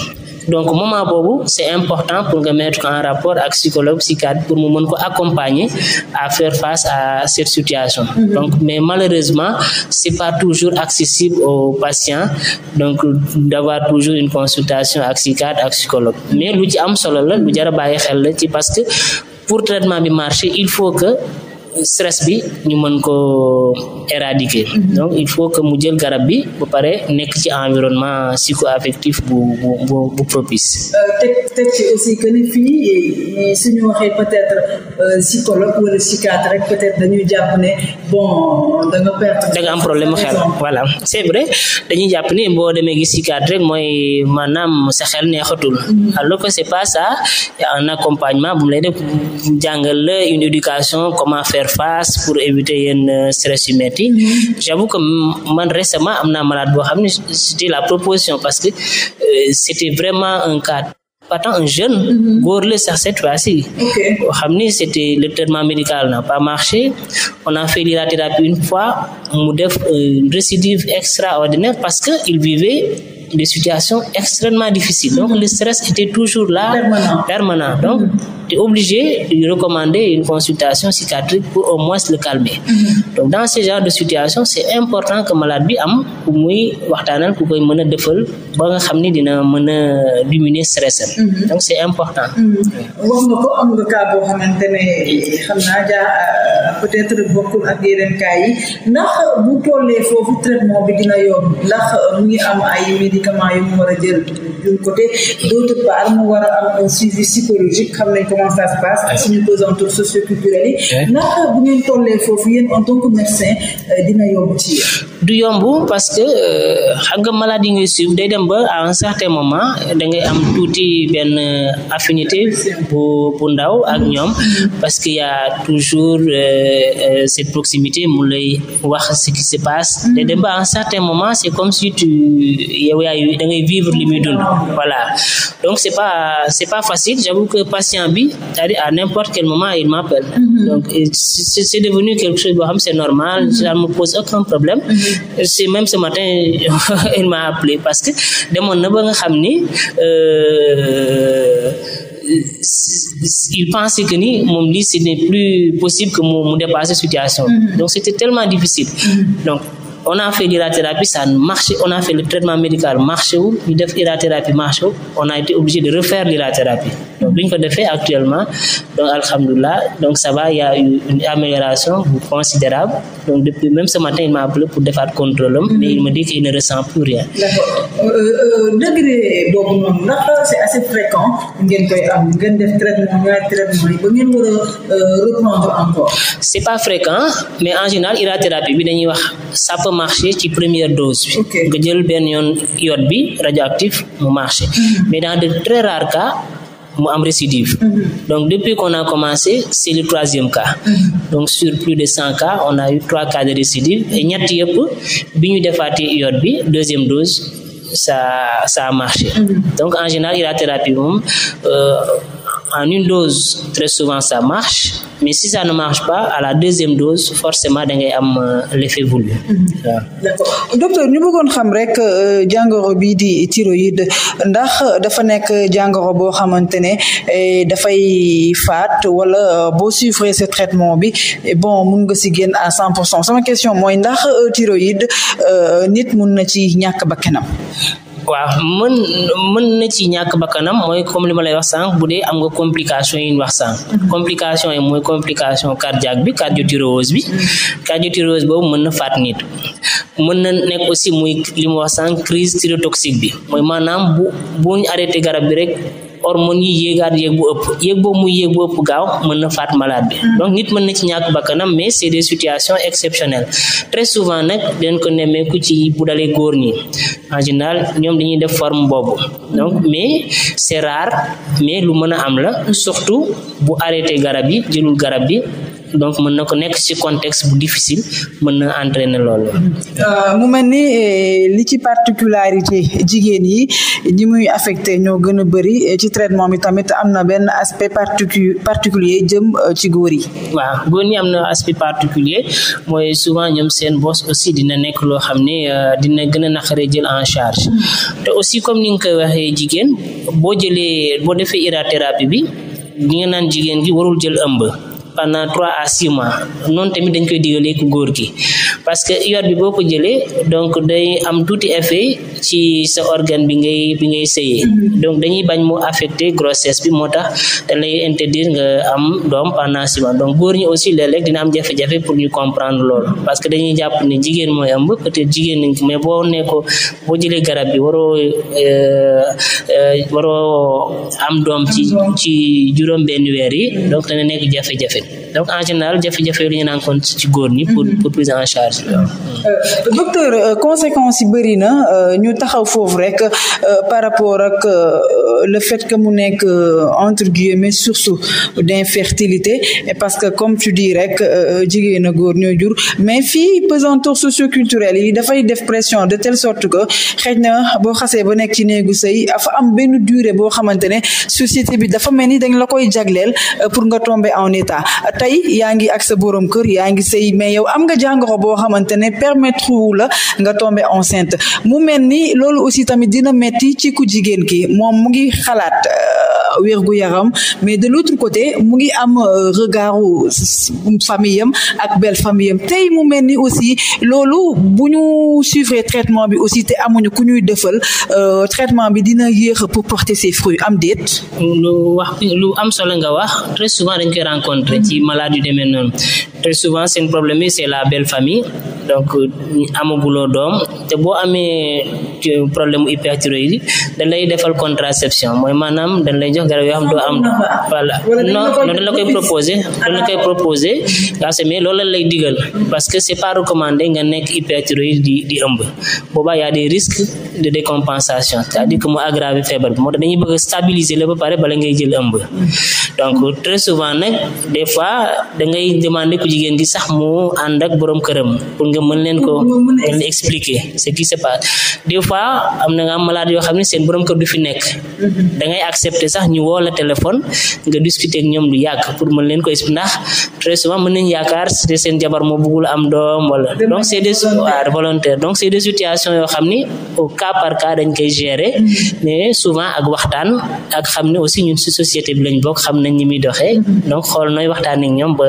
B: donc moment boobu c' est important pour nga mettre ko en rapport ak psychologue psychiatre pour mu mën ko accompagner à faire face à cette situation mhm. donc mais malheureusement c'est pas toujours accessible aux patients donc d'avoir toujours une consultation ak psychiatre ak psychologue mais lu ci am solo la lu jar bàyyi xel la ci parce que pour traitement bi marché il faut que stress bi ñu mën koo éradiquer donc il faut que mu jël garab bi ba pare nekk ci environnement psychoaffectif bu bu bu bu propice.
A: Euh, teg teg ci aussi que fii su ñu waxee peut-être euh, wala psychiatre rek dañuy jàpp ne am problème
B: xel dañuy jàpp boo demee gis psychiatre rek mooy maanaam sa xel neexatul mhm. alors que c'est pas ça accompagnement bu mu lay def jàngal la une éducation comment faire interface pour éviter yenn euh, stress yu metti mm-hmm. j'avoue que man récemment am naa malade boo xam ne c'était la proposition parce que euh, c'était vraiment un cas partant un jeune mm-hmm. góor la sax cette fois-ci boo xam ni c'était le traitement médical n'a pas marché on a fait la thérapie une fois mu def euh, une récidive extraordinaire parce que il vivait des situations extrêmement difficiles donc mm-hmm. le stress était toujours là permanent donc tu es obligé de lui recommander une consultation psychiatrique pour au moins le calmer mm-hmm. dans ce genre de situation c'est important que malade bi am ku muy waxtaanal ku koy mën a dëfal ba nga xam ni dina mën a diminuer stress am mm-hmm. donc important
A: mm-hmm. wax nga ko am nga cas ne xam euh, yi ndax bu tollee foofu traitement bi dina yomb ndax mu am ay médicaments yu mu jël d'un côté d'autre part mu war a am un suivi psychologique xam nañ ko comment ça se passe ak suñu pesanteur socioculturel yi naka bu ngeen tollee foofu yéen en tant que médecin euh, dina yomb ci yéen du yomb parce que
B: euh, xam nga malade suivre day dem ba à un certain moment dangay am tuuti benn affinité bu bu ndaw ak ñoom parce que y a toujours euh, euh, cette proximité mu lay wax ce qui se passe day dem ba un certain moment c'est comme si tu yow da ngay vivre li muy dund donc c'est pas c'est pas facile j'avoue que patient bi c'est-à-dire à n'importe quel moment il m'appelle mm-hmm. donc c'est devenu quelque chose boo xam c'est normal mm-hmm. ça me pose aucun problème mm-hmm. c'est même ce matin il m'a appelé parce que demoon na ba nga xam ni euh, il pensait que ni moom lii ce n'est plus possible que mu mu dépasser situation mm-hmm. donc c'était tellement difficile mm-hmm. donc on a fait l'irathérapie, ça marchait, on a fait le traitement médical, marché où, ñu def irathérapie marché où, on a été obligé de refaire l'irathérapie. Donc, donc, alhamdoulilah, donc a eu une amélioration ce matin, il m'a appelé pour faire le contrôle, mais il me dit qu'il ne rien. Euh,
A: euh, euh, degré boobu noonu ndax c'est assez fréquent
B: a mais en général irathérapie bi dañuy wax. ça peut marcher ci première dose bi nga jël benn yoon yoot bi radioactif mu marché mhm. mais dans de très rares cas mu am récidive mhm. donc depuis qu'on commencé c'est le troisième cas mhm. donc sur plus de cent cas on a eu trois cas de récidive et ñett yëpp bi ñu defaatee yoot bi deuxième dose a marché donc en général irathérapie moom euh, en une dose très souvent ça marche mais si ça ne marche pas à la deuxième dose forcément da ngay am euh, l'effet voulu. Mm-hmm.
A: d'accord docteur ñu bëggoon xam rek euh, jàngoro bi di thyroïde ndax euh, dafa nekk jàngoro boo xamante ne eh, dafay faat wala boo suivre ce traitement bi eh, bon mun nga si génn à cent pour cent sama question mooy ndax thyroïde nit mun na ci ñàkk bakkanam
B: quoi mën mën na ci ñàkk bakkanam mooy comme li ma lay wax sànq bu dee am nga complication yi ñu wax sànq mhm. complication yi mooy complication cardiaque bi cardiothyréose bi cardiothyréose boobu mën na faat nit mën na nekk aussi muy li ma wax sànq crise thyrotoxique bi mooy maanaam bu bu ñu garab bi rek hormone yi yéegaat yéeg bu ëpp yéeg boobu muy yéeg bu ëpp gaaw mën na faat malade bi mm. donc nit mën na ci ñàkk bakkanam mais c'est des situations exceptionnelles très souvent nag dañ ko nemmeeku ci bu dalee góor ñi en général ñoom dañuy def forme boobu donc mm. mais c'est rare mais lu mën a am la surtout bu arrêté garab yi jëlul garab bi donc mën na ko nekk ci contexte bu difficile mën na entraîner loolu.
A: Euh, mu ma ni euh, li ci particularité jigéen yi ñi muy affecté ñoo gën a bëri ci traitement bi tamit am na benn aspect particu particulier jëm euh, ci góor yi.
B: waaw góor ñi am na aspect particulier mooy souvent ñoom seen bos aussi dina nekk loo xam ne dina gën a naqaree jël en charge te aussi comme ni nga koy waxee jigéen boo jëlee boo defee irathérapie bi ñi nga naan jigéen gi warul jël ëmb. pendant trois à six mois tamit dañ koy digalee ku góor ki parce que iode bi boo ko jëlee donc day am tuuti effet ci sa organe bi ngay bi ngay sëyee mm-hmm. donc dañuy bañ mu affecter grossesse bi moo tax da lay interdire nga am doom pendant six mois donc góor ñi aussi léeg-léeg dina am jafe-jafe pour ñu comprendre loolu parce que dañuy jàpp ni jigéen mooy ëmb peut-être jigéen nañ mais boo nee boo jëlee garab bi waroo euh, euh, waroo am doom ci ci juróom benn weer yi donc nekk jafe-jafe donc en général jafe-jafe yi ñu ci góor ñi. pour pour prise en charge. Euh,
A: euh, yi bëri na euh, ñu taxaw foofu rek par rapport ak le fait que mu nekk entre guillemets source d'infertilité parce que comme tu dis rek jigéen a góor ñoo jur mais fii pesanteur socioculturel yi dafay def pression de telle sort que xëy na boo xasee ba nekk ci néegu sëy dafa am benn durée boo xamante ne société bi dafa mel ni dañ la koy jagleel pour nga tombe en état. tey yaa ngi ak sa borom kër yaa ngi sëy mais yow am nga jàngoro boo xamante ne permettre wu la nga tomber enceinte mu mel ni loolu aussi tamit dina metti ci ku jigéen ki moom mu ngi xalaat euh, wérgu yaram mais de l'autre côté mu ngi am euh, regardu famille am ak belle famille am tey mu mel ni aussi loolu bu ñu suivre traitement bi aussi te amuñu ku ñuy defal euh, traitement bi dina yéex pour porter ses fruits am déet. lu wax
B: am solo nga wax très souvent dañ koy rencontrer malade yu demee noonu te souvent seen problème yi la belle famille donc amaguloo doom te boo amee euh, problème mu hyperthyroïdie dañ lay defal contraception mooy maanaam dañ lay jox garab yoo xam doo am doom voilà non non dañ la koy proposer dañ la koy proposer yaa la lay digal parce que c'est pas recommandé nga nekk hyperthyroïde di di ëmb boobaa y a des de décompensation c'est-à-dire mu aggraver feebar bi moo tax dañuy bëgg la ba pare bala ngay jël ëmb donc très souvent nag des fois da ngay jigéen gi sax mu ànd ak borom këram pour nga mën leen ko nga leen expliquer ce am na nga am yoo xam ne seen borom kër du fi nekk
C: mm-hmm.
B: da ngay accepter sax ñu woo la téléphone nga discuter ak ñoom lu yàgg pour mën leen ko expliquer ndax très souvent mën nañ yaakaar te seen jabar moo bëggul am doom wala donc c'est des volontaire donc c'est des situations yoo xam ni au cas par cas dañ koy gérer mm-hmm. souvent ak waxtaan ak xam ne aussi ñu si société bi lañ bokk xam nañ ñi muy mm-hmm. donc xool nooy waxtaan ñoom ba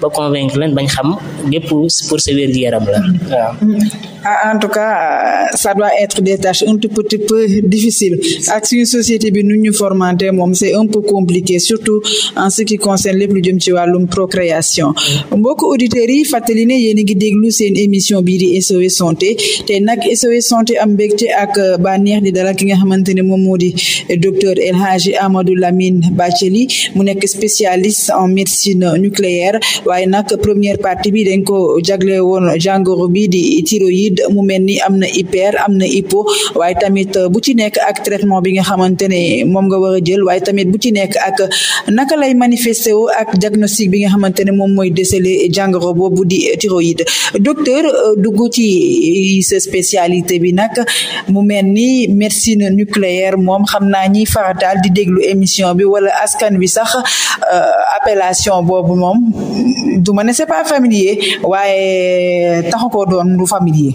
B: ba convaincre leen bañ xam lépp pour sa wér-gu-yaram la mm-hmm. waaw
A: mm-hmm. Ah, en tout cas euh, ça doit être des tâches un tout petit peu difficiles ak société bi nu ñu formanté moom c'est un peu compliqué surtout en ce qui concerne lépp lu jëm ci wàllum procréation mbokk auditeurs yi fàttali ne yéen a ngi déglu seen émission bii di SOS santé te nag SOS santé am mbégte ak euh, bànneex di dalal ki nga xamante ne moom moo di euh, docteur El Hadji Amadou Lamine Bathily mu nekk spécialiste en médecine nucléaire waaye nag première partie bi dañ ko jagle woon jàngoro bi di mu mel ni am na hyper am na hypo waaye tamit euh, bu ci nekk ak traitement bi nga xamante ne moom nga war a jël waaye tamit bu ci nekk ak naka lay manifesté wu ak diagnostic bi nga xamante ne moom mooy déceler jàngoro boobu di thyroïde docteur euh, dugg ci euh, sa bi nag mu mel ni médecine nucléaire moom xam naa ñi farataal di déglu émission bi wala askan bi sax appellation boobu moom duma ma ne c'est pas familier waaye taxu koo doon du familier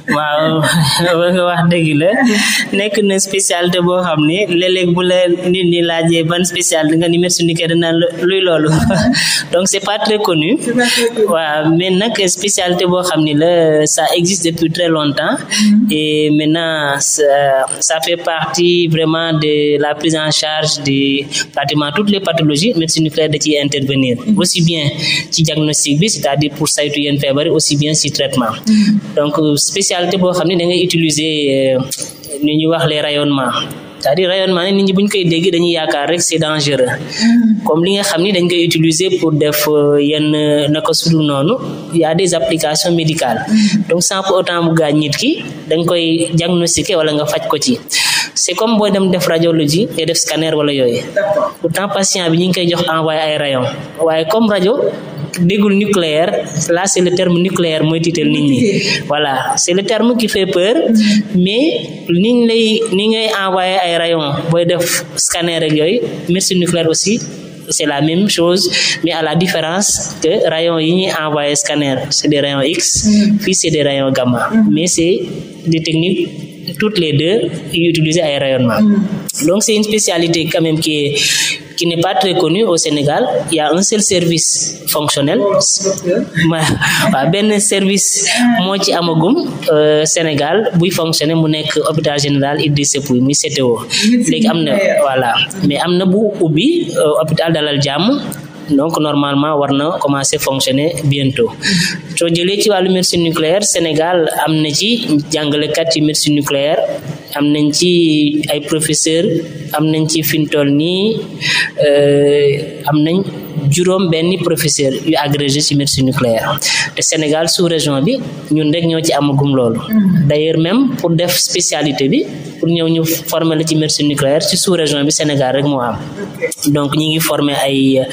B: waaw wax dëgg la nekk na spécialité boo xam ne léeg-léeg bu la nit ñi laajee ban spécialité nga ni médecine naa luy loolu donc c'est pas très connu waaw mais nag spécialité boo xam ni la ça existe depuis très longtemps mm-hmm. et maintenant ça, ça fait partie vraiment de la prise en charge de pratiquement toutes les pathologies médecine nucléaire da intervenir mm-hmm. aussi bien ci diagnostic bi c'est-à-dire pour saytu yenn feebar aussi bien si traitement mm-hmm. donc spécialité modalité boo xam ne da ngay utiliser ni euh, ñuy wax les rayonnements c'est-à-dire rayonnement ne nit ñi bu ñu koy dégg dañuy yaakaar rek c'est dangereux
C: mm-hmm.
B: comme li nga xam ni dañ koy utiliser pour def euh, yenn naka sudul noonu y des applications médicales mm-hmm. donc sans pour autant mu nit ki da nga koy diagnostiquer wala nga faj ko ci c'est comme booy dem def radiologie te def scanner wala yooyu pourtant patient bi ñu ngi koy jox envoyé ay rayon waaye comme rajo déggul nucléaire là c' est le terme nucléaire mooy tiital nit ñi voilà c' le terme qui fait peur mais niñ lay ni ngay envoyé ay rayon booy def scanner ak yooyu médecine nucléaire aussi c'est la même chose mais à la différence que rayon yi ñuy envoyé scanner c'est de rayon X fii c'est des rayon gamma mais c'est des technique toutes les deux yu utiliser ay rayonnement mm. donc c'est une spécialité quand même qui est qui n'est pas très connu au Sénégal il y a un seul service fonctionnel waaw benn service moo ci amagum euh, Sénégal buy fonctionner mu nekk hôpital général Idrissa Pouye muy CTO léegi am na voilà mais am na bu ubbi euh, hôpital Dalal Jàmm donc normalement war na commencer fonctionner biento soo jëlee ci wàllu médecine nucléaire Sénégal am na ci jàngalekat ci médecine nucléaire am na ci ay professeurs am nañ ci fi toll nii euh, am nañ juróom benni professeur yu agrégé ci médecine nucléaire te Sénégal sous région bi ñun rek ñoo ci amagum loolu mm-hmm. d'ailleurs même pour def spécialité bi pour ñëw ñu former la ci médecine nucléaire ci sous région bi Sénégal rek moo am donc ñi ngi former ay euh,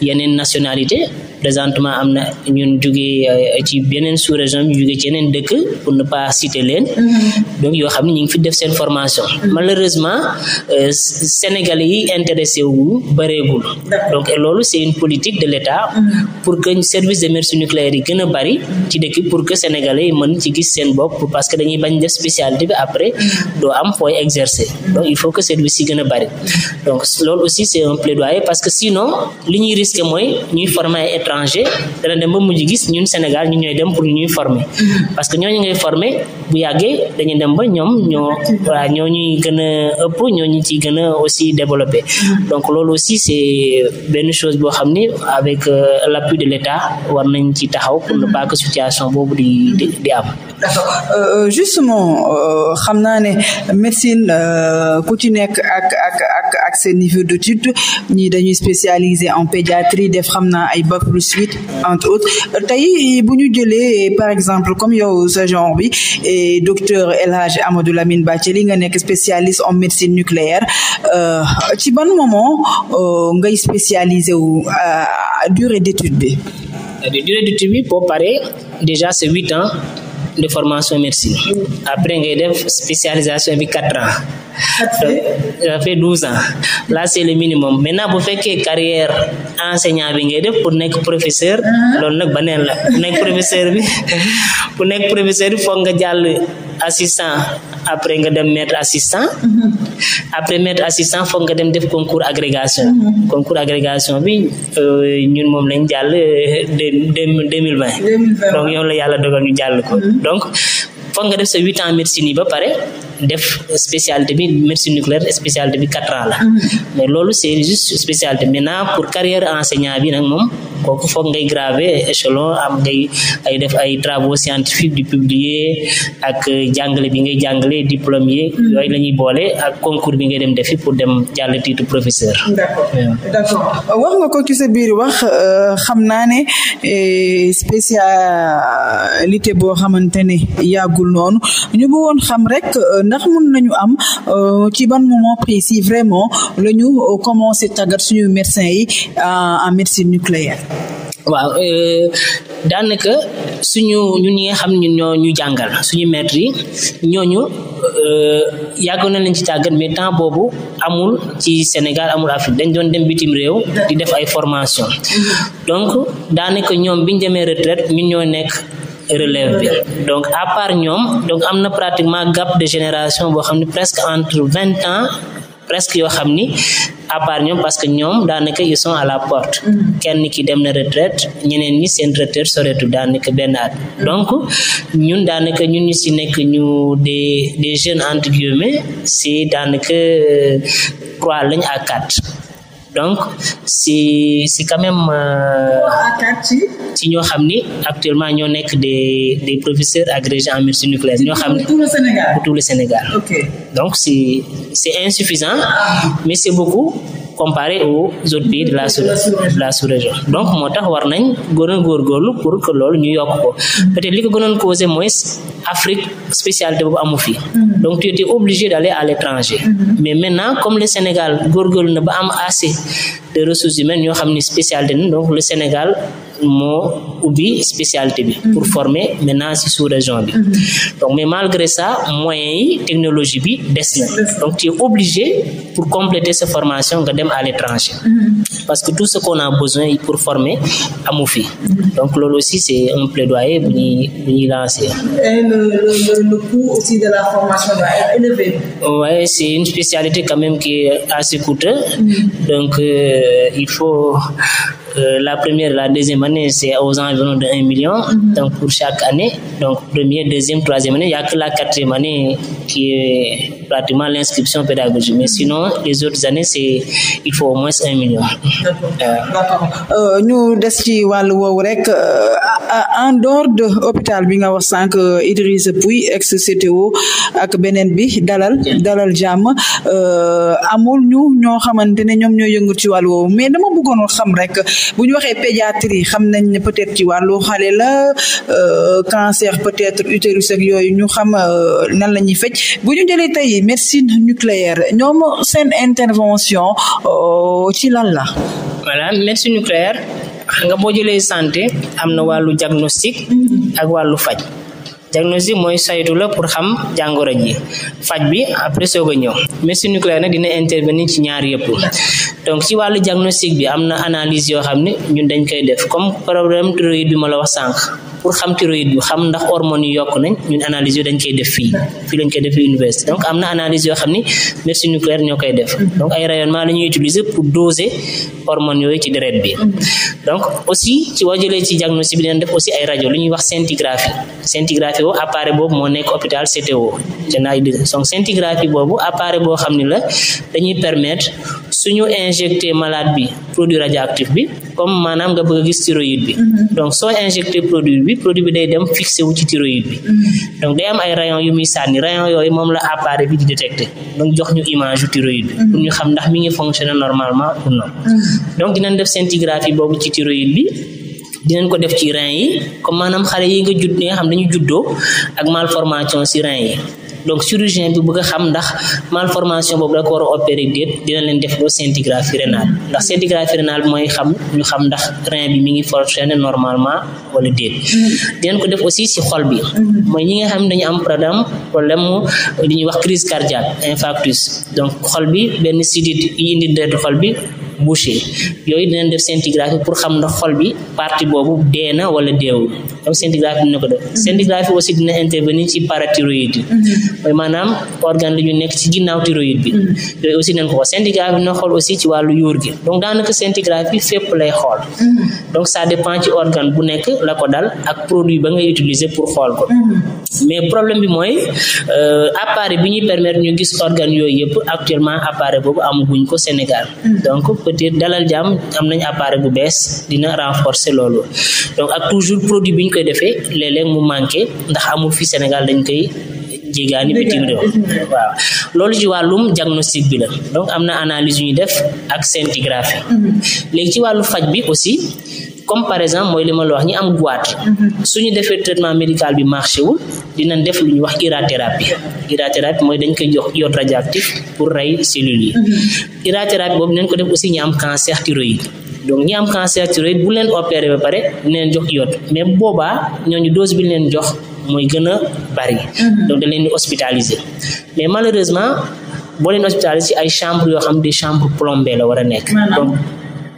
B: yeneen nationalité présentement am na ñun jugee euh, ci beneen sous région bi ci yeneen dëkk pour ne pas citer leen mm-hmm. donc yoo xam ne ñu ngi fi def seen formation mm-hmm. malheureusement euh, sénégalais yi intéressé wu bëreegul donc loolu c'est politique de l'État mm-hmm. pour que service d'émergence nucléaire yi gën a bari ci dëkk pour que sénégalais mën ci gis seen bopp parce que dañuy bañ def spécialité bi après am fooy exercer donc il faut que service yi gën a bari loolu aussi c'est un plaidoyer parce que sinon li ñuy risquer mooy ñuy former ay étranger dana dem ba mujj gis ñun Sénégal ñun ñooy dem pour ñuy former mm-hmm. parce que ñooñu ngay former bu yàggee dañuy dem ñoom ñoo voilà ñoo ñuy gën a ëpp ñoo ñu ciy gën a aussi développé mm-hmm. donc loolu aussi c'est benn chose boo xam ne avec euh, l'appui de l'État war nañ ci taxaw pour ne mm-hmm. pas que situation boobu di di am.
A: d'accord euh, justement euh, xam naa médecine ku nekk ak ak. ak seen niveau d'étude ñii dañuy spécialisé en pédiatrie def xam naa ay bac plus huit entre autres tey bu ñu jëlee par exemple comme yow sa genre bi eh, docteur El Hadj Amadou Lamine Bathily nga nekk spécialiste en médecine nucléaire euh, ci ban moment euh, ngay spécialisé wu euh, durée d'étude bi.
B: durée d'étude bi pour pare déjà c'est huit ans. de formation médecine après ngay def spécialisation bi quatre ans donc ça fait douze ans là c'est le minimum maintenant bu fekkee carrière enseignant bi ngay def pour nekk professeur uh-huh. loolu nag beneen la bu nekk professeur bi bu nekk professeur bi foog nga jàll assistant après nga dem maître assistant mm-hmm. après maître assistant foog nga dem def concours agrégation mm-hmm. concours agrégation bi euh, ñun moom lañ jàll euh, deux mille vingt donc yow la yàlla dogal ñu jàll ko mm-hmm. donc foog nga def sa huit ans médecine yi ba pare def spécialité bi médecine nucléaire spécialité bi quatre ans la mm. mais loolu c'est juste spécialité maintenant pour carrière enseignant bi nag moom kooku foog ngay graver échelon am ngay ay def ay travaux scientifiques di publier ak jàngale bi ngay jàngale diplôme mm. yooyu la boole ak concours bi ngay dem defi pour dem jàll titre professeur
A: d'accord d'accord wax nga ko ci sa biir wax euh, xam naa ne euh, spécialité boo xamante ne noonu ñu bëggoon xam rek euh, ndax mun nañu am euh, ci ban moment précis vraiment la ñu euh, commencé tàggat suñu médecins yi en médecine nucléaire. waaw euh, daanaka
B: suñu ñun ñi nga xam ñun ñoo ñu jàngal suñu maîtres yi ñooñu yàgg na leen ci tàggat mais temps boobu amul ci Sénégal amul Afrique dañ doon dem bitim réew di def ay formation mm-hmm. donc daanaka ñoom biñ demee retraite ñun ñoo nekk. relève bi donc à part ñoom donc am na pratiquement gàpp de génération boo xam ne presque entre vingt ans presque yoo xam ni à part ñoom parce que ñoom daanaka ils à la porte mm. kenn ki dem na retraite ñeneen ñi seen retraite soreetu daanaka benn at mm. donc ñun daanaka ñun ñu si nekk ñu des des jeunes entre si daanaka euh, trois lañ à donc si si quand même euh, ci ñoo xam ni actuellement ñoo nekk des des professeurs agrégés en médecine nucléaire ñoo xam ni tout le Sénégal donc c'est c'est insuffisant mais c'est beaucoup comparé aux autres pays de la sous région donc moo tax war nañ gënoon pour que loolu ñu yokk ko peut li ko gënoon causé mooy Afrique spécialité boobu amu fi donc tu étais obligé d'aller à l'étranger mais maintenant comme le Sénégal góorgóorlu na ba am assez de ressources humaines ñoo xam ni spécialité donc le Sénégal moo ubbi spécialité bi pour former maintenant ci sous-région bi donc mais malgré ça moyens yi technologie bi des na donc tu es obligé pour compléter sa formation nga dem à l'étranger parce que tout ce qu'on a besoin pour former amu fi donc loolu aussi un plaidoyer bu ñuy bu ñuy lancer le coût une spécialité quand qui est assez coûteux mm. donc euh, il faut euh, la première, la deuxième année, c'est aux environs de 1 million. Mhm. Donc, pour chaque année, donc première, deuxième, troisième année, il n'y quatrième année qui est pratiquement l'inscription pédagogique. Mais mhm. sinon, les autres années, c'est il faut au moins 1 million.
A: D'accord. Euh. Euh, ñu des ci wàllu rek euh, en dehors de hôpital bi nga wax sànq euh, Idrissa Pouy ex CTO ak beneen bi dalal dalal jàmm euh, amul ñu ñoo xamante ne ñoom ñoo yëngu ci wàllu woowu mais dama bëggoon xam rek bu ñu waxee pédiatrie xam nañ ne peut-être ci wàllu xale la euh, cancer peut-être utérus yooyu ñu xam nan la ñuy faj bu ñu jëlee tey médecine nucléaire ñoom seen intervention ci lan la.
B: médecine nucléaire. xam nga boo jëlee santé am na wàllu diagnostic ak wàllu faj diagnostic mooy saytu la pour xam jàngoro ji faj bi après soog a ñëw médecine nucléaire nag dina intervenir ci ñaar yëpp donc ci wàllu diagnostic bi am na analyse yoo xam ne ñun dañ koy def comme problème thyroïde bi ma la wax sànq pour xam thyroïde bi xam ndax hormones yi yokk nañ ñun analyse yooyu dañ koy def fii fii lañ koy def fii université donc am na analyse yoo xam ni médecine nucléaire ñoo koy def donc ay rayonnement la bi donc aussi ci boo jëlee ci diagnostic bi dañ def aussi ay rajo lu ñuy wax scintigraphie scintigraphie boobu appareil boobu moo nekk hôpital CTO général de donc scintigraphie boobu appareil boo xam ni la dañuy permettre suñu injecté malade bi produit radioactif bi comme maanaam nga bëgg gis thyroïde bi mm-hmm. donc soo injecté produit bi bi produit bi day dem fixé wu ci thyroïde bi day am ay rayon yu muy sànni rayon yooyu moom la appareil bi di détecté donc jox ñu image yu thyroïde bi ñu xam ndax mi ngi fonctionner normalement ou non donc dinañ def scintigraphie boobu ci thyroïde bi dinañ ko def ci rein yi comme maanaam xale yi nga judd yi nga xam dañu juddoo ak malformation ci rein yi donc chirurgien bi bëgg a xam ndax formation boobu la ko war a opérer déet dina leen def loo scintigraphie rénale ndax scintigraphie rénale mooy xam ñu xam ndax rein bi mu ngi fonctionner normalement wala déet mm-hmm. dinañ ko def aussi si xol bi mm-hmm. mooy ñi nga xam ne dañu am problème problème li ñuy wax crise cardiaque infarctus donc xol bi benn sidit yi indi deetu xol bi bouché yooyu dinañ def scintigraphie pour xam ndax xol bi partie boobu dee na wala deewul donc scintigraphie na ko def mhm. scintigraphie aussi dina interveni ci parathyroïde yi mhm. mooy maanaam organe li ñu nekk ci ginnaaw thyroïde bi mhm. yooyu aussi dinañ ko xool scintigraphie na xool aussi ci wàllu yuur gi donc daanaka scintigraphie fépp lay xool donc ça dépend ci organ bu nekk la ko dal ak produit ba ngay utiliser pour xool ko mais problème bi mooy euh, appareil bi ñuy permettre ñu gis organe yooyu yëpp actuellement appareil boobu amaguñ ko Sénégal peut-être dalal jàmm am nañ appareil bu bees dina renforcer loolu donc ak toujours produit bi ñu koy defee léeg mu manqué ndax amul fi Sénégal dañ koy jéegaani bitim réew waaw loolu ci wàllum diagnostic bi la donc am na analyse yu ñuy def ak scintigraphie mm-hmm. léegi ci wàllu faj bi aussi comme par exemple mooy li ma la wax ñi am goitre mhm. suñu defee traitement médical bi marché wul dinañ def lu ñuy wax irathérapie irathérapie mooy dañ koy jox iode radioactif pour rey cellules yi
C: mhm.
B: irathérapie boobu dinañ ko def aussi ñi am cancer thyroïde donc ñi am cancer thyroïde bu leen opéré ba pare dinañ jox iode mais boobaa ñooñu dose bi leen jox mooy gën a bari mhm. donc da leen di hospitaliser mais malheureusement boo leen hospitaliser ci ay chambre yoo xam des chambres plombées la war a nekk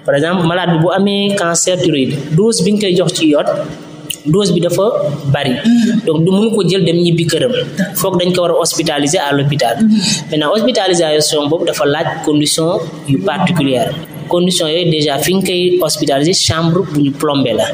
B: par exemple malade bi bu amee cancer thyroïde dose bi nga koy jox ci yoot dose bi dafa bari donc du mënu ko jël dem ñibbi këram foog dañ ko war a hospitaliser à l'hôpital mhm. maintenant hospitalisation boobu dafa laaj condition yu particulière condition yooyu déjà fi nga koy hospitaliser chambre bu ñu plombé la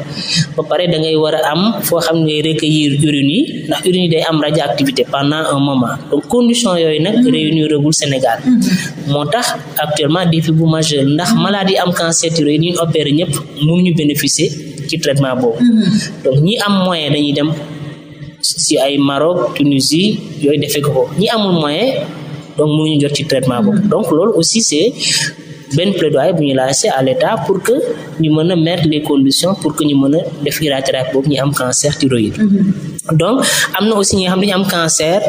B: ba pare da ngay war a am foo xam ne ngay recueillir urine yi ndax urine yi day am activité pendant un moment donc condition yooyu nag mm-hmm. réuniragul Sénégal mm-hmm. moo tax actuellement défi bu majeur ndax maladie am cancer du rein ñu opéré ñëpp mënuñu bénéficier ci traitement boobu mm-hmm. donc ñi am moyen dañuy dem si ay Maroc Tunisie yooyu defee ko ko ñi amul moyen donc mënuñu jot ci traitement boobu donc loolu aussi c'est benn plaidoyer bu ñu lancé à l'état pour que ñu mën a mettre les conditions pour que ñu mën a def radiothérapie boobu ñu am cancer thyroïde
C: mhm.
B: donc am na aussi ñi nga xam dañu am cancer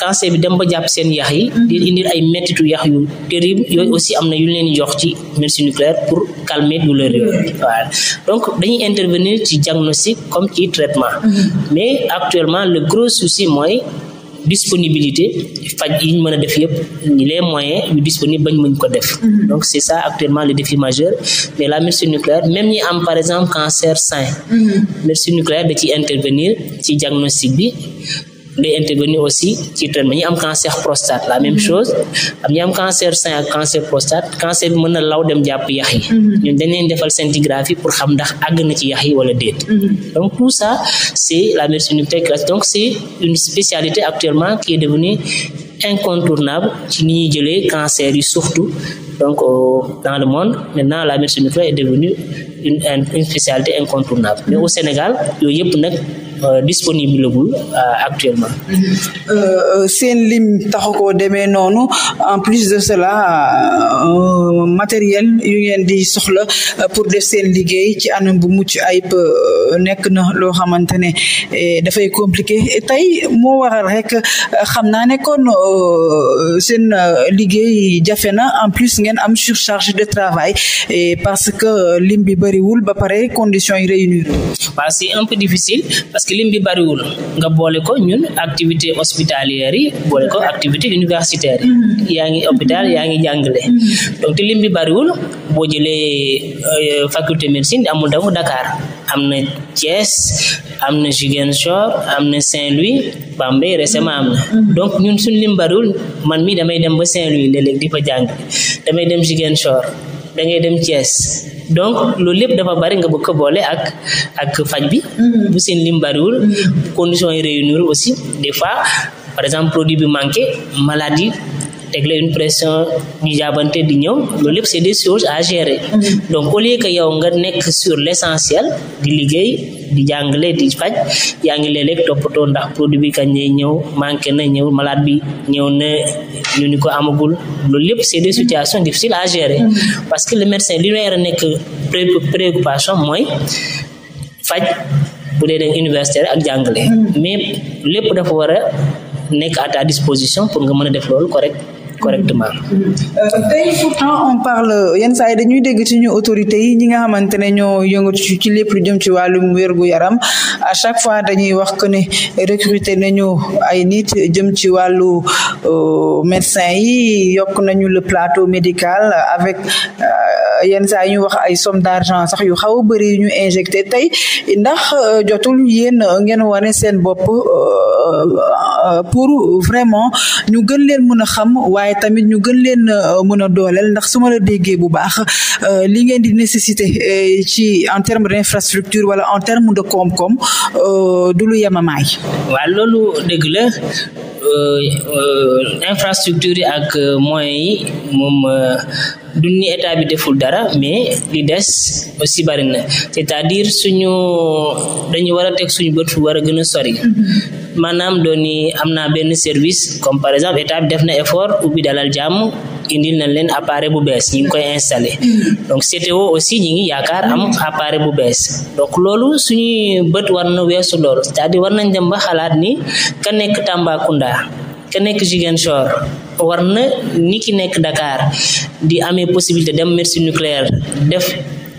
B: cancer bi dem ba jàpp seen yax yi mhm. di indil ay mettitu yax yu terrible yooyu aussi am na yu leen jox ci médecine nucléaire pour calmer douleur yooyu mhm. voilà donc dañuy intervenir ci diagnostic comme ci traitement mais actuellement le gros souci mooy disponibilité faj yi ñu mën a def yëpp les moyens yu disponible bañ mën ko def mhm. donc c'est ça actuellement le défi majeur mais la médecine nucléaire même ñi en par exemple cancer sein mhm. médecine nucléaire da ci intervenir ci diagnostic bi day intervenir aussi ci traitement ñi am cancer prostate la même mhm. chose am ñi am cancer sein ak cancer prostate cancer bi mën na law dem jàpp yax yi mhm. ñun dañ leen yi wala déet mhm. donc tout ça c'est la médecine nucléaire donc c'est une spécialité actuellement qui est devenue incontournable ci ni ñuy jëlee cancer yi surtout donc dans le monde maintenant la médecine nucléaire est devenue une une spécialité incontournable mais au Sénégal yooyu yëpp nag Euh, disponible gul
A: euh, actuellement. Euh, seen lim taxu ko demee noonu en plus de cela matériel yu ngeen di soxla pour def seen liggéey ci anam bu mucc ayib nekk na loo xamante ne eh, dafay compliqué tey moo waral rek xam naa ne kon seen liggéey jafe na en plus ngeen am surcharge de travail parce que lim bi bëriwul ba pare conditions yi réunir.
B: c'est un peu difficile parce que lim bi bariwul nga boole ko ñun activité hospitalière yi boole ko activité universitaire yi mm-hmm. yaa ngi hôpital mm-hmm. yaa ngi jàngale mm-hmm. donc te lim bi bariwul boo jëlee euh, faculté médecine amul dafa Dakar am na Thiès am na Ziguinchor am na Saint-Louis Bambey récemment am na donc ñun suñ lim bariwul man mi damay dem ba Saint-Louis léeg-léeg di fa jàng damay dem Ziguinchor da ngay dem Thiès donc loolu lépp dafa bari nga bëgg ko boole ak ak faj bi mm-hmm. bu seen lim bariwul mm-hmm. conditions yi réunir aussi des fois par exemple produit bi manqué maladie teg la une pression di jaabante di ñëw loolu lépp c'est des choses à gérer mm-hmm. donc au lieu que yow nga nekk sur l'essentiel di liggéey di jàngale di faj yaa ngi léeg-léeg toppatoo ndax produit bi kañ lay ñëw manqué na ñëw malaat bi ñëw na ñu ni ko amagul loolu lépp c'est des situations difficiles à gérer mm-hmm. parce que le médecin li weer a nekk préoccupation mooy faj bu dee dañ universitaire ak jàngale mm-hmm. mais lépp dafa war a nekk à ta disposition pour nga mën a def loolu correct correctement.
A: Euh, tey pourtant on parle yenn saa dañuy dégg ci ñu autorités yi ñi nga xamante ne ñoo yëngatu ci lépp lu jëm ci wàllum wérgu yaram à chaque fois dañuy wax que ne recruter nañu ay nit jëm ci wàllu euh, médecin yi yokk nañu le plateau médicale avec euh, yenn saa yi ñu wax ay somme d'argent sax yu xaw a bëri ñu injecté tey ndax jotul yéen ngeen wane seen bopp pour vraiment ñu gën leen mën a xam waaye waaye tamit ñu gën leen euh, mën a dooleel ndax su ma la déggee bu baax euh, li ngeen di nécessité euh, ci en terme d'infrastructure wala en terme de koom-koom du lu yemamaay.
B: waa loolu dëgg la infrastructure yi ak moyen yi moom. du état bi deful dara mais li des aussi bari na c'est-à-dire suñu dañu war a teg suñu bët fu war a gën a sori
C: mm-hmm.
B: maanaam dooni am naa benn service comme par exemple état bi def na effort ubbi dalal jàmm indil na leen appareil bu bees ñu koy installé mm-hmm. donc CTO aussi ñi ngi yaakaar am appareil bu bees donc loolu suñu bët war na weesu loolu c'est-à-dire war nañ dem ba xalaat ni ka nekk Tambacounda ka nekk jigéen Ziguinchor war na ni ki nekk Dakar di amee possibilité dem merci nucléaire def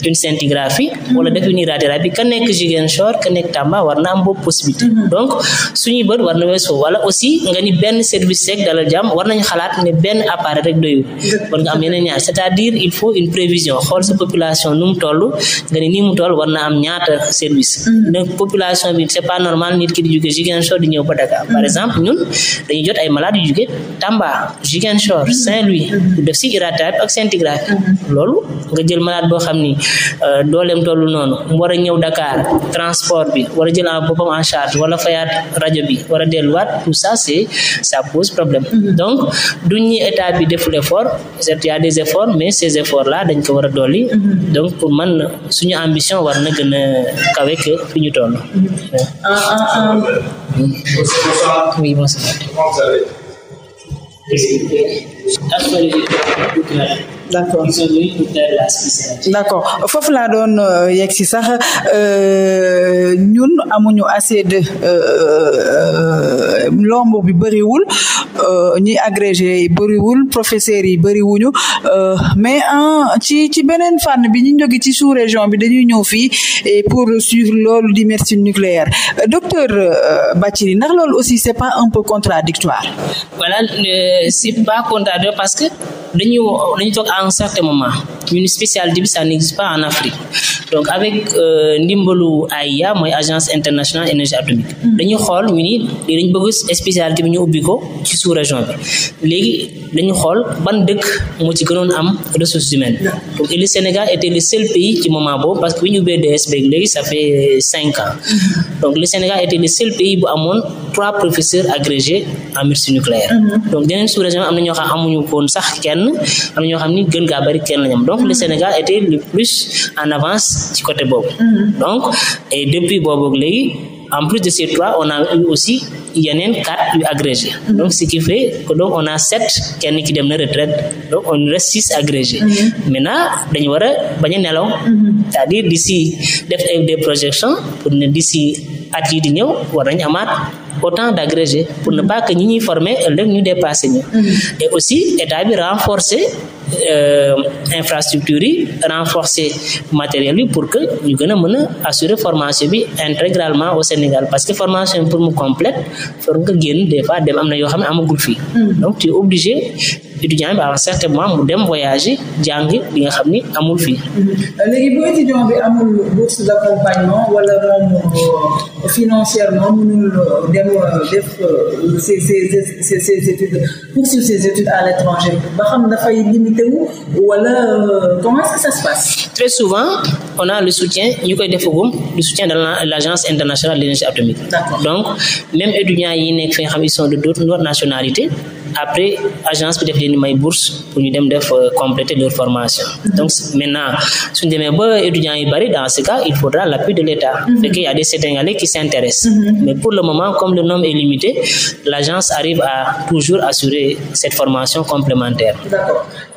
B: une scintigraphie wala mm-hmm. def une radiothérapie ka nekk Ziguinchor ka nekk Tamba war na am boobu possibilité mm-hmm. donc suñuy bët war na weesu wala aussi nga ni benn service rek dalal jàmm war nañu xalaat ne benn appareil rek doyul war nga am yeneen ñaar c'est-à-dire il faut une prévision xool sa population nu mu toll nga ni nii mu toll war na am ñaata service mm-hmm. donc population bi c'est pas normal nit ki di jóge Ziguinchor di ñëw ba Dakar par exemple ñun dañuy jot ay malades yu jóge Tamba Ziguinchor Saint-Louis def si radiothérapie ak scintigraphie loolu nga jël Euh, dooleem tollu noonu war a ñëw Dakar transport bi war a jël boppam en charge wala fayaat rajo bi war a delluwaat tout ça c'est ça pose problème mm-hmm. donc du ñi état bi deful effort certes y a des efforts mais ces efforts la dañ ko war a dolli mm-hmm. donc pour man suñu ambition war na gën a kawe que fi ñu toll
C: mm-hmm. ah, ah, ah. d'accord
A: d'accord foofu laa doon euh, yegg si sax euh, ñun amuñu assez de euh, lomb bi bëriwul ñi agrégé yi bëriwul professeurs yi bëriwuñu mais ci ci beneen fànn bi ñu jóge ci sous région bi dañuy ñëw fii pour suivre lool di médecine nucléaire docteur Bathily ndax loolu aussi c'est pas un peu contradictoire
B: voilà c'est pas contradictoire parce que dañuy dañuy toog à un certain moment une spécialité bi ça n'existe pas en Afrique donc avec euh, ndimbalu AIA mooy agence internationale énergie atomique mm. dañuy xool ñu ni dañ bëgg spécialité bi ñu ubbi ko ci sous région bi léegi dañu xool ban dëkk moo ci gënoon am ressources humaines donc le Sénégal était le seul pays ci moment boobu parce que bi ñu ubbee DSB léegi sa fait cinq ans mm-hmm. donc le Sénégal était le seul pays bu amoon trois professeurs agrégés en médecine nucléaire mm-hmm. donc kenn am ñoo xam ni gën gaa bari kenn lañu am donc le mm-hmm. Sénégal était le plus en avance ci côté boobu mm-hmm. donc et depuis boobu léegi en plus de ces on a eu aussi yeneen quatre yu agrégé mm-hmm. donc ce qui fait que donc on a sept kenn ki dem na retraite donc on reste six agrégé maintenant dañu war a bañ a nelaw di si dire d'ici def ay des projections pour ne d'ici at yi ñëw war nañ amaat autant d'agrégés pour ne pas que ñi ñuy former ëllëg ñu dépassé ñu mm-hmm. et aussi état bi renforcer euh, infrastructure yi renforcer matériel yi pour que ñu gën a mën a assurer formation bi intégralement au Sénégal parce que formation pour mu complète for nga génn des fois dem am na yoo xam ne amagul fii mm-hmm. donc tu obligé étudiant bi alors certainement mu dem voyager jàng li nga xam ni amul fii. Mhm.
A: Euh, léegi bu étudiant bi amul bourse d'accompagnement wala moom euh, financièrement mënul euh, dem def ses ses ses études poursuivre à l'étranger ba xam dafay limité wala comment ce que ça se passe. très souvent
B: on le soutien ñu koy defagum le soutien de l'agence internationale de l'énergie atomique. donc même étudiants yi nekk fi nga xam ils sont de d'autres nationalités. après agence bi def ni di may bourse pour ñu dem de euh, compléter leur formation donc maintenant suñ demee ba étudiants yu bari dans ce cas il faudra l'appui de l'État mhm. fekkee i a des Sénégalais qui s'intéressent mhm. mais pour le moment comme le nombre est limité l'agence arrive à toujours assurer cette formation complémentaire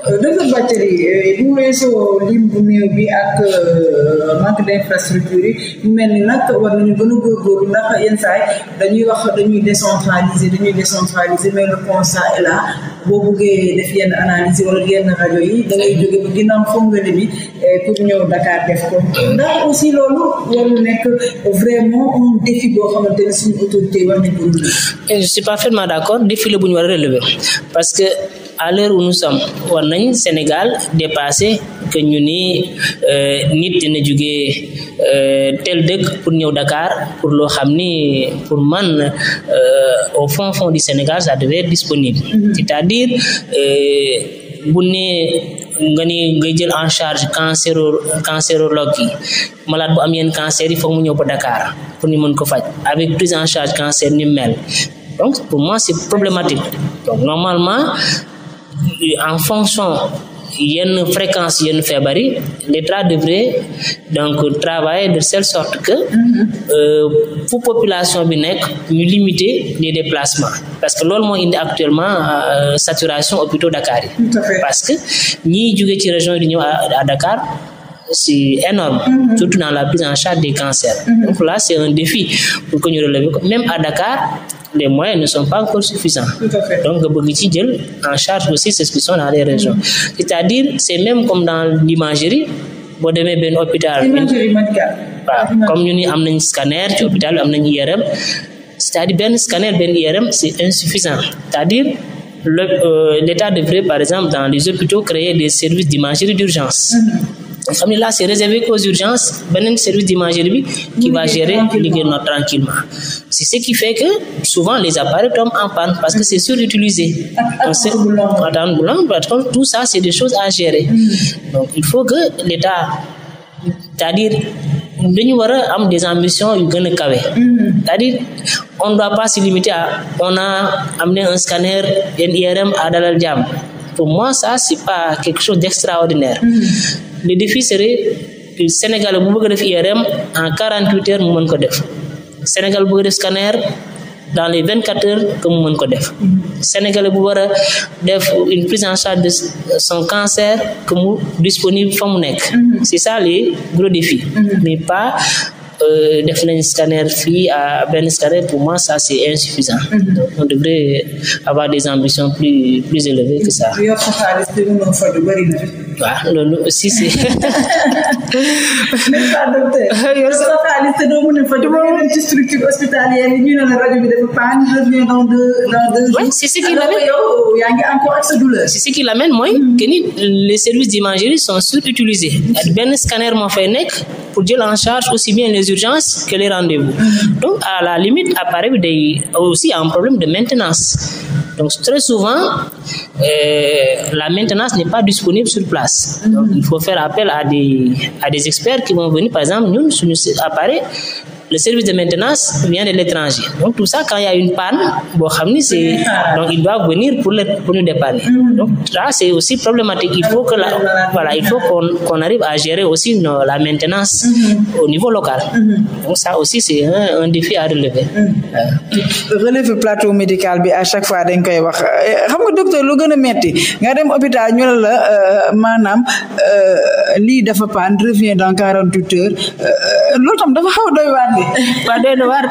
A: docteur Bathily euh, bu weesoo lim bu néew bi ak euh, manque d'infrastructure yi mel ni nag war nañu ba gën a góorgóorlu ndax yenn saay dañuy wax dañuy décentraliser dañuy décentraliser mais le constat est là boo buggee def yenn analyse wala yenn rajo yi da ngay jóge ba ginnaaw foog nga bi eh, pour ñëw Dakar def ko ndax aussi loolu waru nekk vraiment un défi boo xamante ne suñu autorité war nañ ko je
B: la bu ñu war a à l'heure où nous sommes war nañ Sénégal dépassé que ñu ni euh, nit dina jugee euh, tel dëkk pour ñëw Dakar pour loo xam ni pour man euh, au fond fond du Sénégal ça devait être disponible mm-hmm. c'est-à-dire bu ne nga ni nga jël en charge cancéro cancérologue yi malade bu am yenn cancer yi foog mu ñëw ba Dakar pour ñu mën ko faj avec prise en charge cancer ni mel donc pour moi c'est problématique normalement en fonction yenn fréquence yenn feebar yi l'État devrait donc travailler de telle sorte que mm-hmm. euh, fu euh, bi nekk ñu limiter les déplacements parce que loolu mooy indi actuellement euh, saturation hôpitaux Dakar yi parce que ñiy jóge ci région yi di ñëw à Dakar c'est énorme mm surtout dans la prise en charge des cancers mm-hmm. donc là c'est un défi pour que ñu relever même à Dakar les moyens ne sont pas encore suffisants. Donc, Bogiti Djel en charge aussi c'est ce qui sont dans les régions. C'est-à-dire, c'est même comme dans l'imagerie, boo demee benn hôpital. comme ñu ni am nañ scanner ci hôpital am nañ IRM c'est-à-dire benn scanner benn IRM c'est insuffisant c'est-à-dire le euh, l'État devrait par exemple dans les hôpitaux créer des services d'imagerie d'urgence mm Alhamdulillah, c'est réservé qu'aux urgences, ben, le service d'imagerie oui, qui va gérer l'hygiène tranquillement. C'est ce qui fait que souvent les appareils tombent en panne parce que c'est surutilisé. Donc, tout ça, c'est des choses à gérer. il faut que l'État, ta à dire dañu war a am des ambitions yu gën a kawe c'est-à-dire on doit pas se limiter à on a amené un scanner un IRM à Dalal Jamm pour moi ça c'est pas quelque chose d'extraordinaire le défi serait que Sénégal bu bëgg a def IRM en quarante huit heures mu mën ko def Sénégal bu bëgg a def scanner dans les vingt quatre heures que mu mën ko def Sénégalais bu war a def une prise en charge de son cancer que mu disponible fa mu nekk mhm. c'est ça les gros défis mhm. mais pas euh, def nañ scanner fii à benn scanner pour moi ça c'est insuffisant mm on devrait avoir des ambitions plus plus élevées
A: que ça waaw loolu aussi si. n'est-ce pas la rajo si oh, oh, ce qui
B: l'amène si ce qui l'amène mooy. que ni les services d'imagerie sont surutilisés. ak benn scanner moo fay nekk pour jël en charge aussi bien les urgences que les rendez mm-hmm. donc à la limite appareil bi day aussi de maintenance. Donc très souvent, euh, la maintenance n'est pas disponible sur place. Donc il faut faire appel à des, à des experts qui vont venir, par exemple, nous, sur nos appareils, le service de maintenance vient de l'étranger donc tout ça quand il une panne boo xam ni c'est donc ils doivent venir pour le pour nous dépanner mm. donc ça c'est aussi problématique il faut que la voilà il faut qu'on qu'on arrive à gérer aussi une, euh, la maintenance mm-hmm. au niveau local
A: mm-hmm.
B: donc ça aussi c'est un, un défi à relever mm.
A: euh. relève plateau médical bi a chaque fois dañ koy wax euh, xam nga docteur lo gën a metti nga dem hôpital ñu la maanaam lii dafa panne revient dans quarante-huit heures waaw doy na waar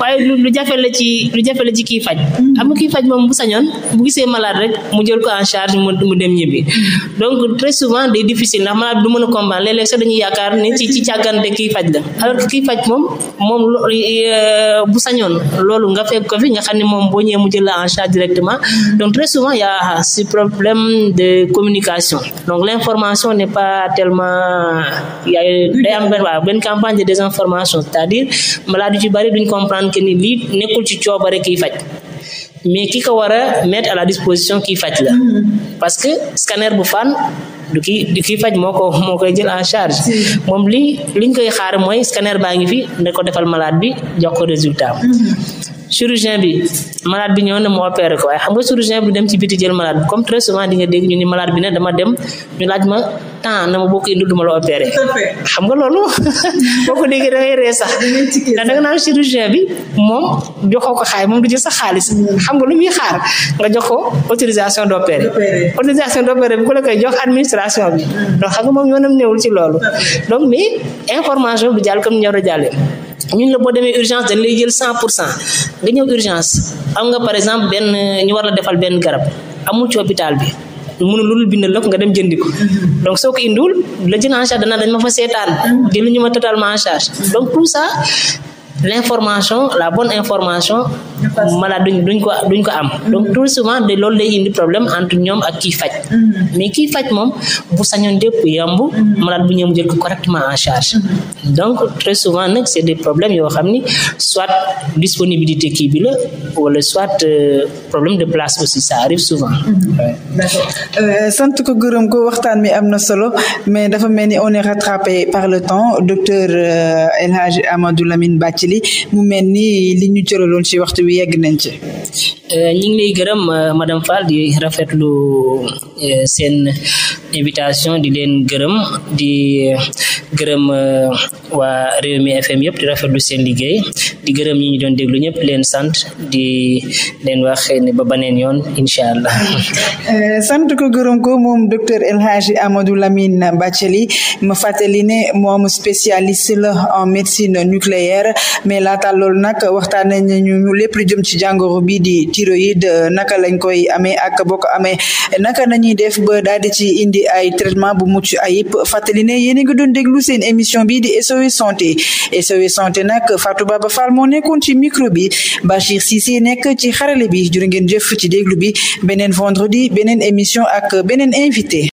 A: waaye
B: lu jafe la ci lu jafe la ci kii faj am kii faj moom bu sañoon bu gisee malade rek mu jël ko en charge mu dem ñibbi donc très souvent day difficile ndax a comprendre léeg-léeg sax dañuy yaakaar ne ci ci càggante kii faj la alors que kii faj moom moom euh, bu sañoon loolu nga fekk ko fi nga xam ni moom boo ñëwee mu jël la en charge directement donc très souvent y a ce problème de communication donc l'information n'est pas tellement y a day am benn waaw de désinformation cest biir malade yu ci bari duñ comprendre que ni lii nekkul ci coobare kiy faj mais ki ko war a mettre à la disposition kiy faj la
C: mm-hmm.
B: parce que scanner bu fan du kii du kii faj moo ko moo koy jël en charge moom lii liñ koy xaar mooy scanner baa ngi fi ne ko defal malade bi jox ko résultat chirurgien bi malade bi ñëw na mu opéré ko waaye xam nga chirurgien bi dem ci biti jël malade bi comme très souvent di nga dégg ñu ni malade bi ne dama dem ñu laaj ma temps na ma boo koy dund ma xam nga loolu boo ko déggee da ngay ree sax da nga bi moom joxoo ko xaalis moom du jël sax xaalis mm. xam nga lu muy xaar nga jox ko autorisation d' opérer autorisation d' opérer bi ku la koy jox administration bi mm. donc xam nga moom yoonam néewul ci loolu donc mais information bi jàll comme ñor a jàllee ñun la boo demee urgence dañ lay jël cent pour cent nga ñëw urgence am nga par exemple benn ñu war la defal benn garab amul ci hôpital bi mënu lul bindal la ko nga dem jëndi ko donc soo ko indiwul la jël en dana dañ ma fa seetaan mm-hmm. jëluñu ma totalement en charge donc tout ça l'information la bonne information malade duñ duñ ko duñ ko am donc mhm. tout souvent de loolu day indi problème entre ñoom ak kiy faj mhm. mais ki faj moom bu sañoon dépp yomb mhm. malade bu ñëw jël ko en charge donc très souvent nag c'est des problèmes yoo xam ni soit disponibilité kii bi la wala soit euh, problème de place aussi ça arrive souvent
A: euh, sant ko gërëm ko waxtaan mi am na solo mais dafa mel ni on est par le temps docteur euh, El Amadou Lamine Bathily fàttali mu mel ni li ñu cëraloon ci waxtu bi yegg nañ ci.
B: Euh, ñu ngi lay gërëm euh, madame Fall di rafetlu euh, seen invitation di leen gërëm di gërëm waa Rewmi FM yëpp di rafetlu seen liggéey di gërëm ñi ñu doon déglu ñëpp leen sant di leen wax ne ba baneen yoon incha allah.
A: sant ko gërëm ko moom docteur El Amadou Lamine Bathily ma fàttali ne moom spécialiste la en médecine nucléaire mais laata loolu nag waxtaanee nañu lépp lu jëm ci jàngoro bi di thyroïde naka lañ koy amee ak boo ko amee naka nañuy def ba daal di ci indi ay traitement bu mucc ayib fàttali ne yéen a ngi doon déglu seen émission bi di SOS santé SOS santé nag Fatou Baba Fall moo nekkoon ci micro bi Bachir Cissé nekk ci xarale bi jërë ngeen jëf ci déglu bi beneen vendredi beneen émission ak beneen invité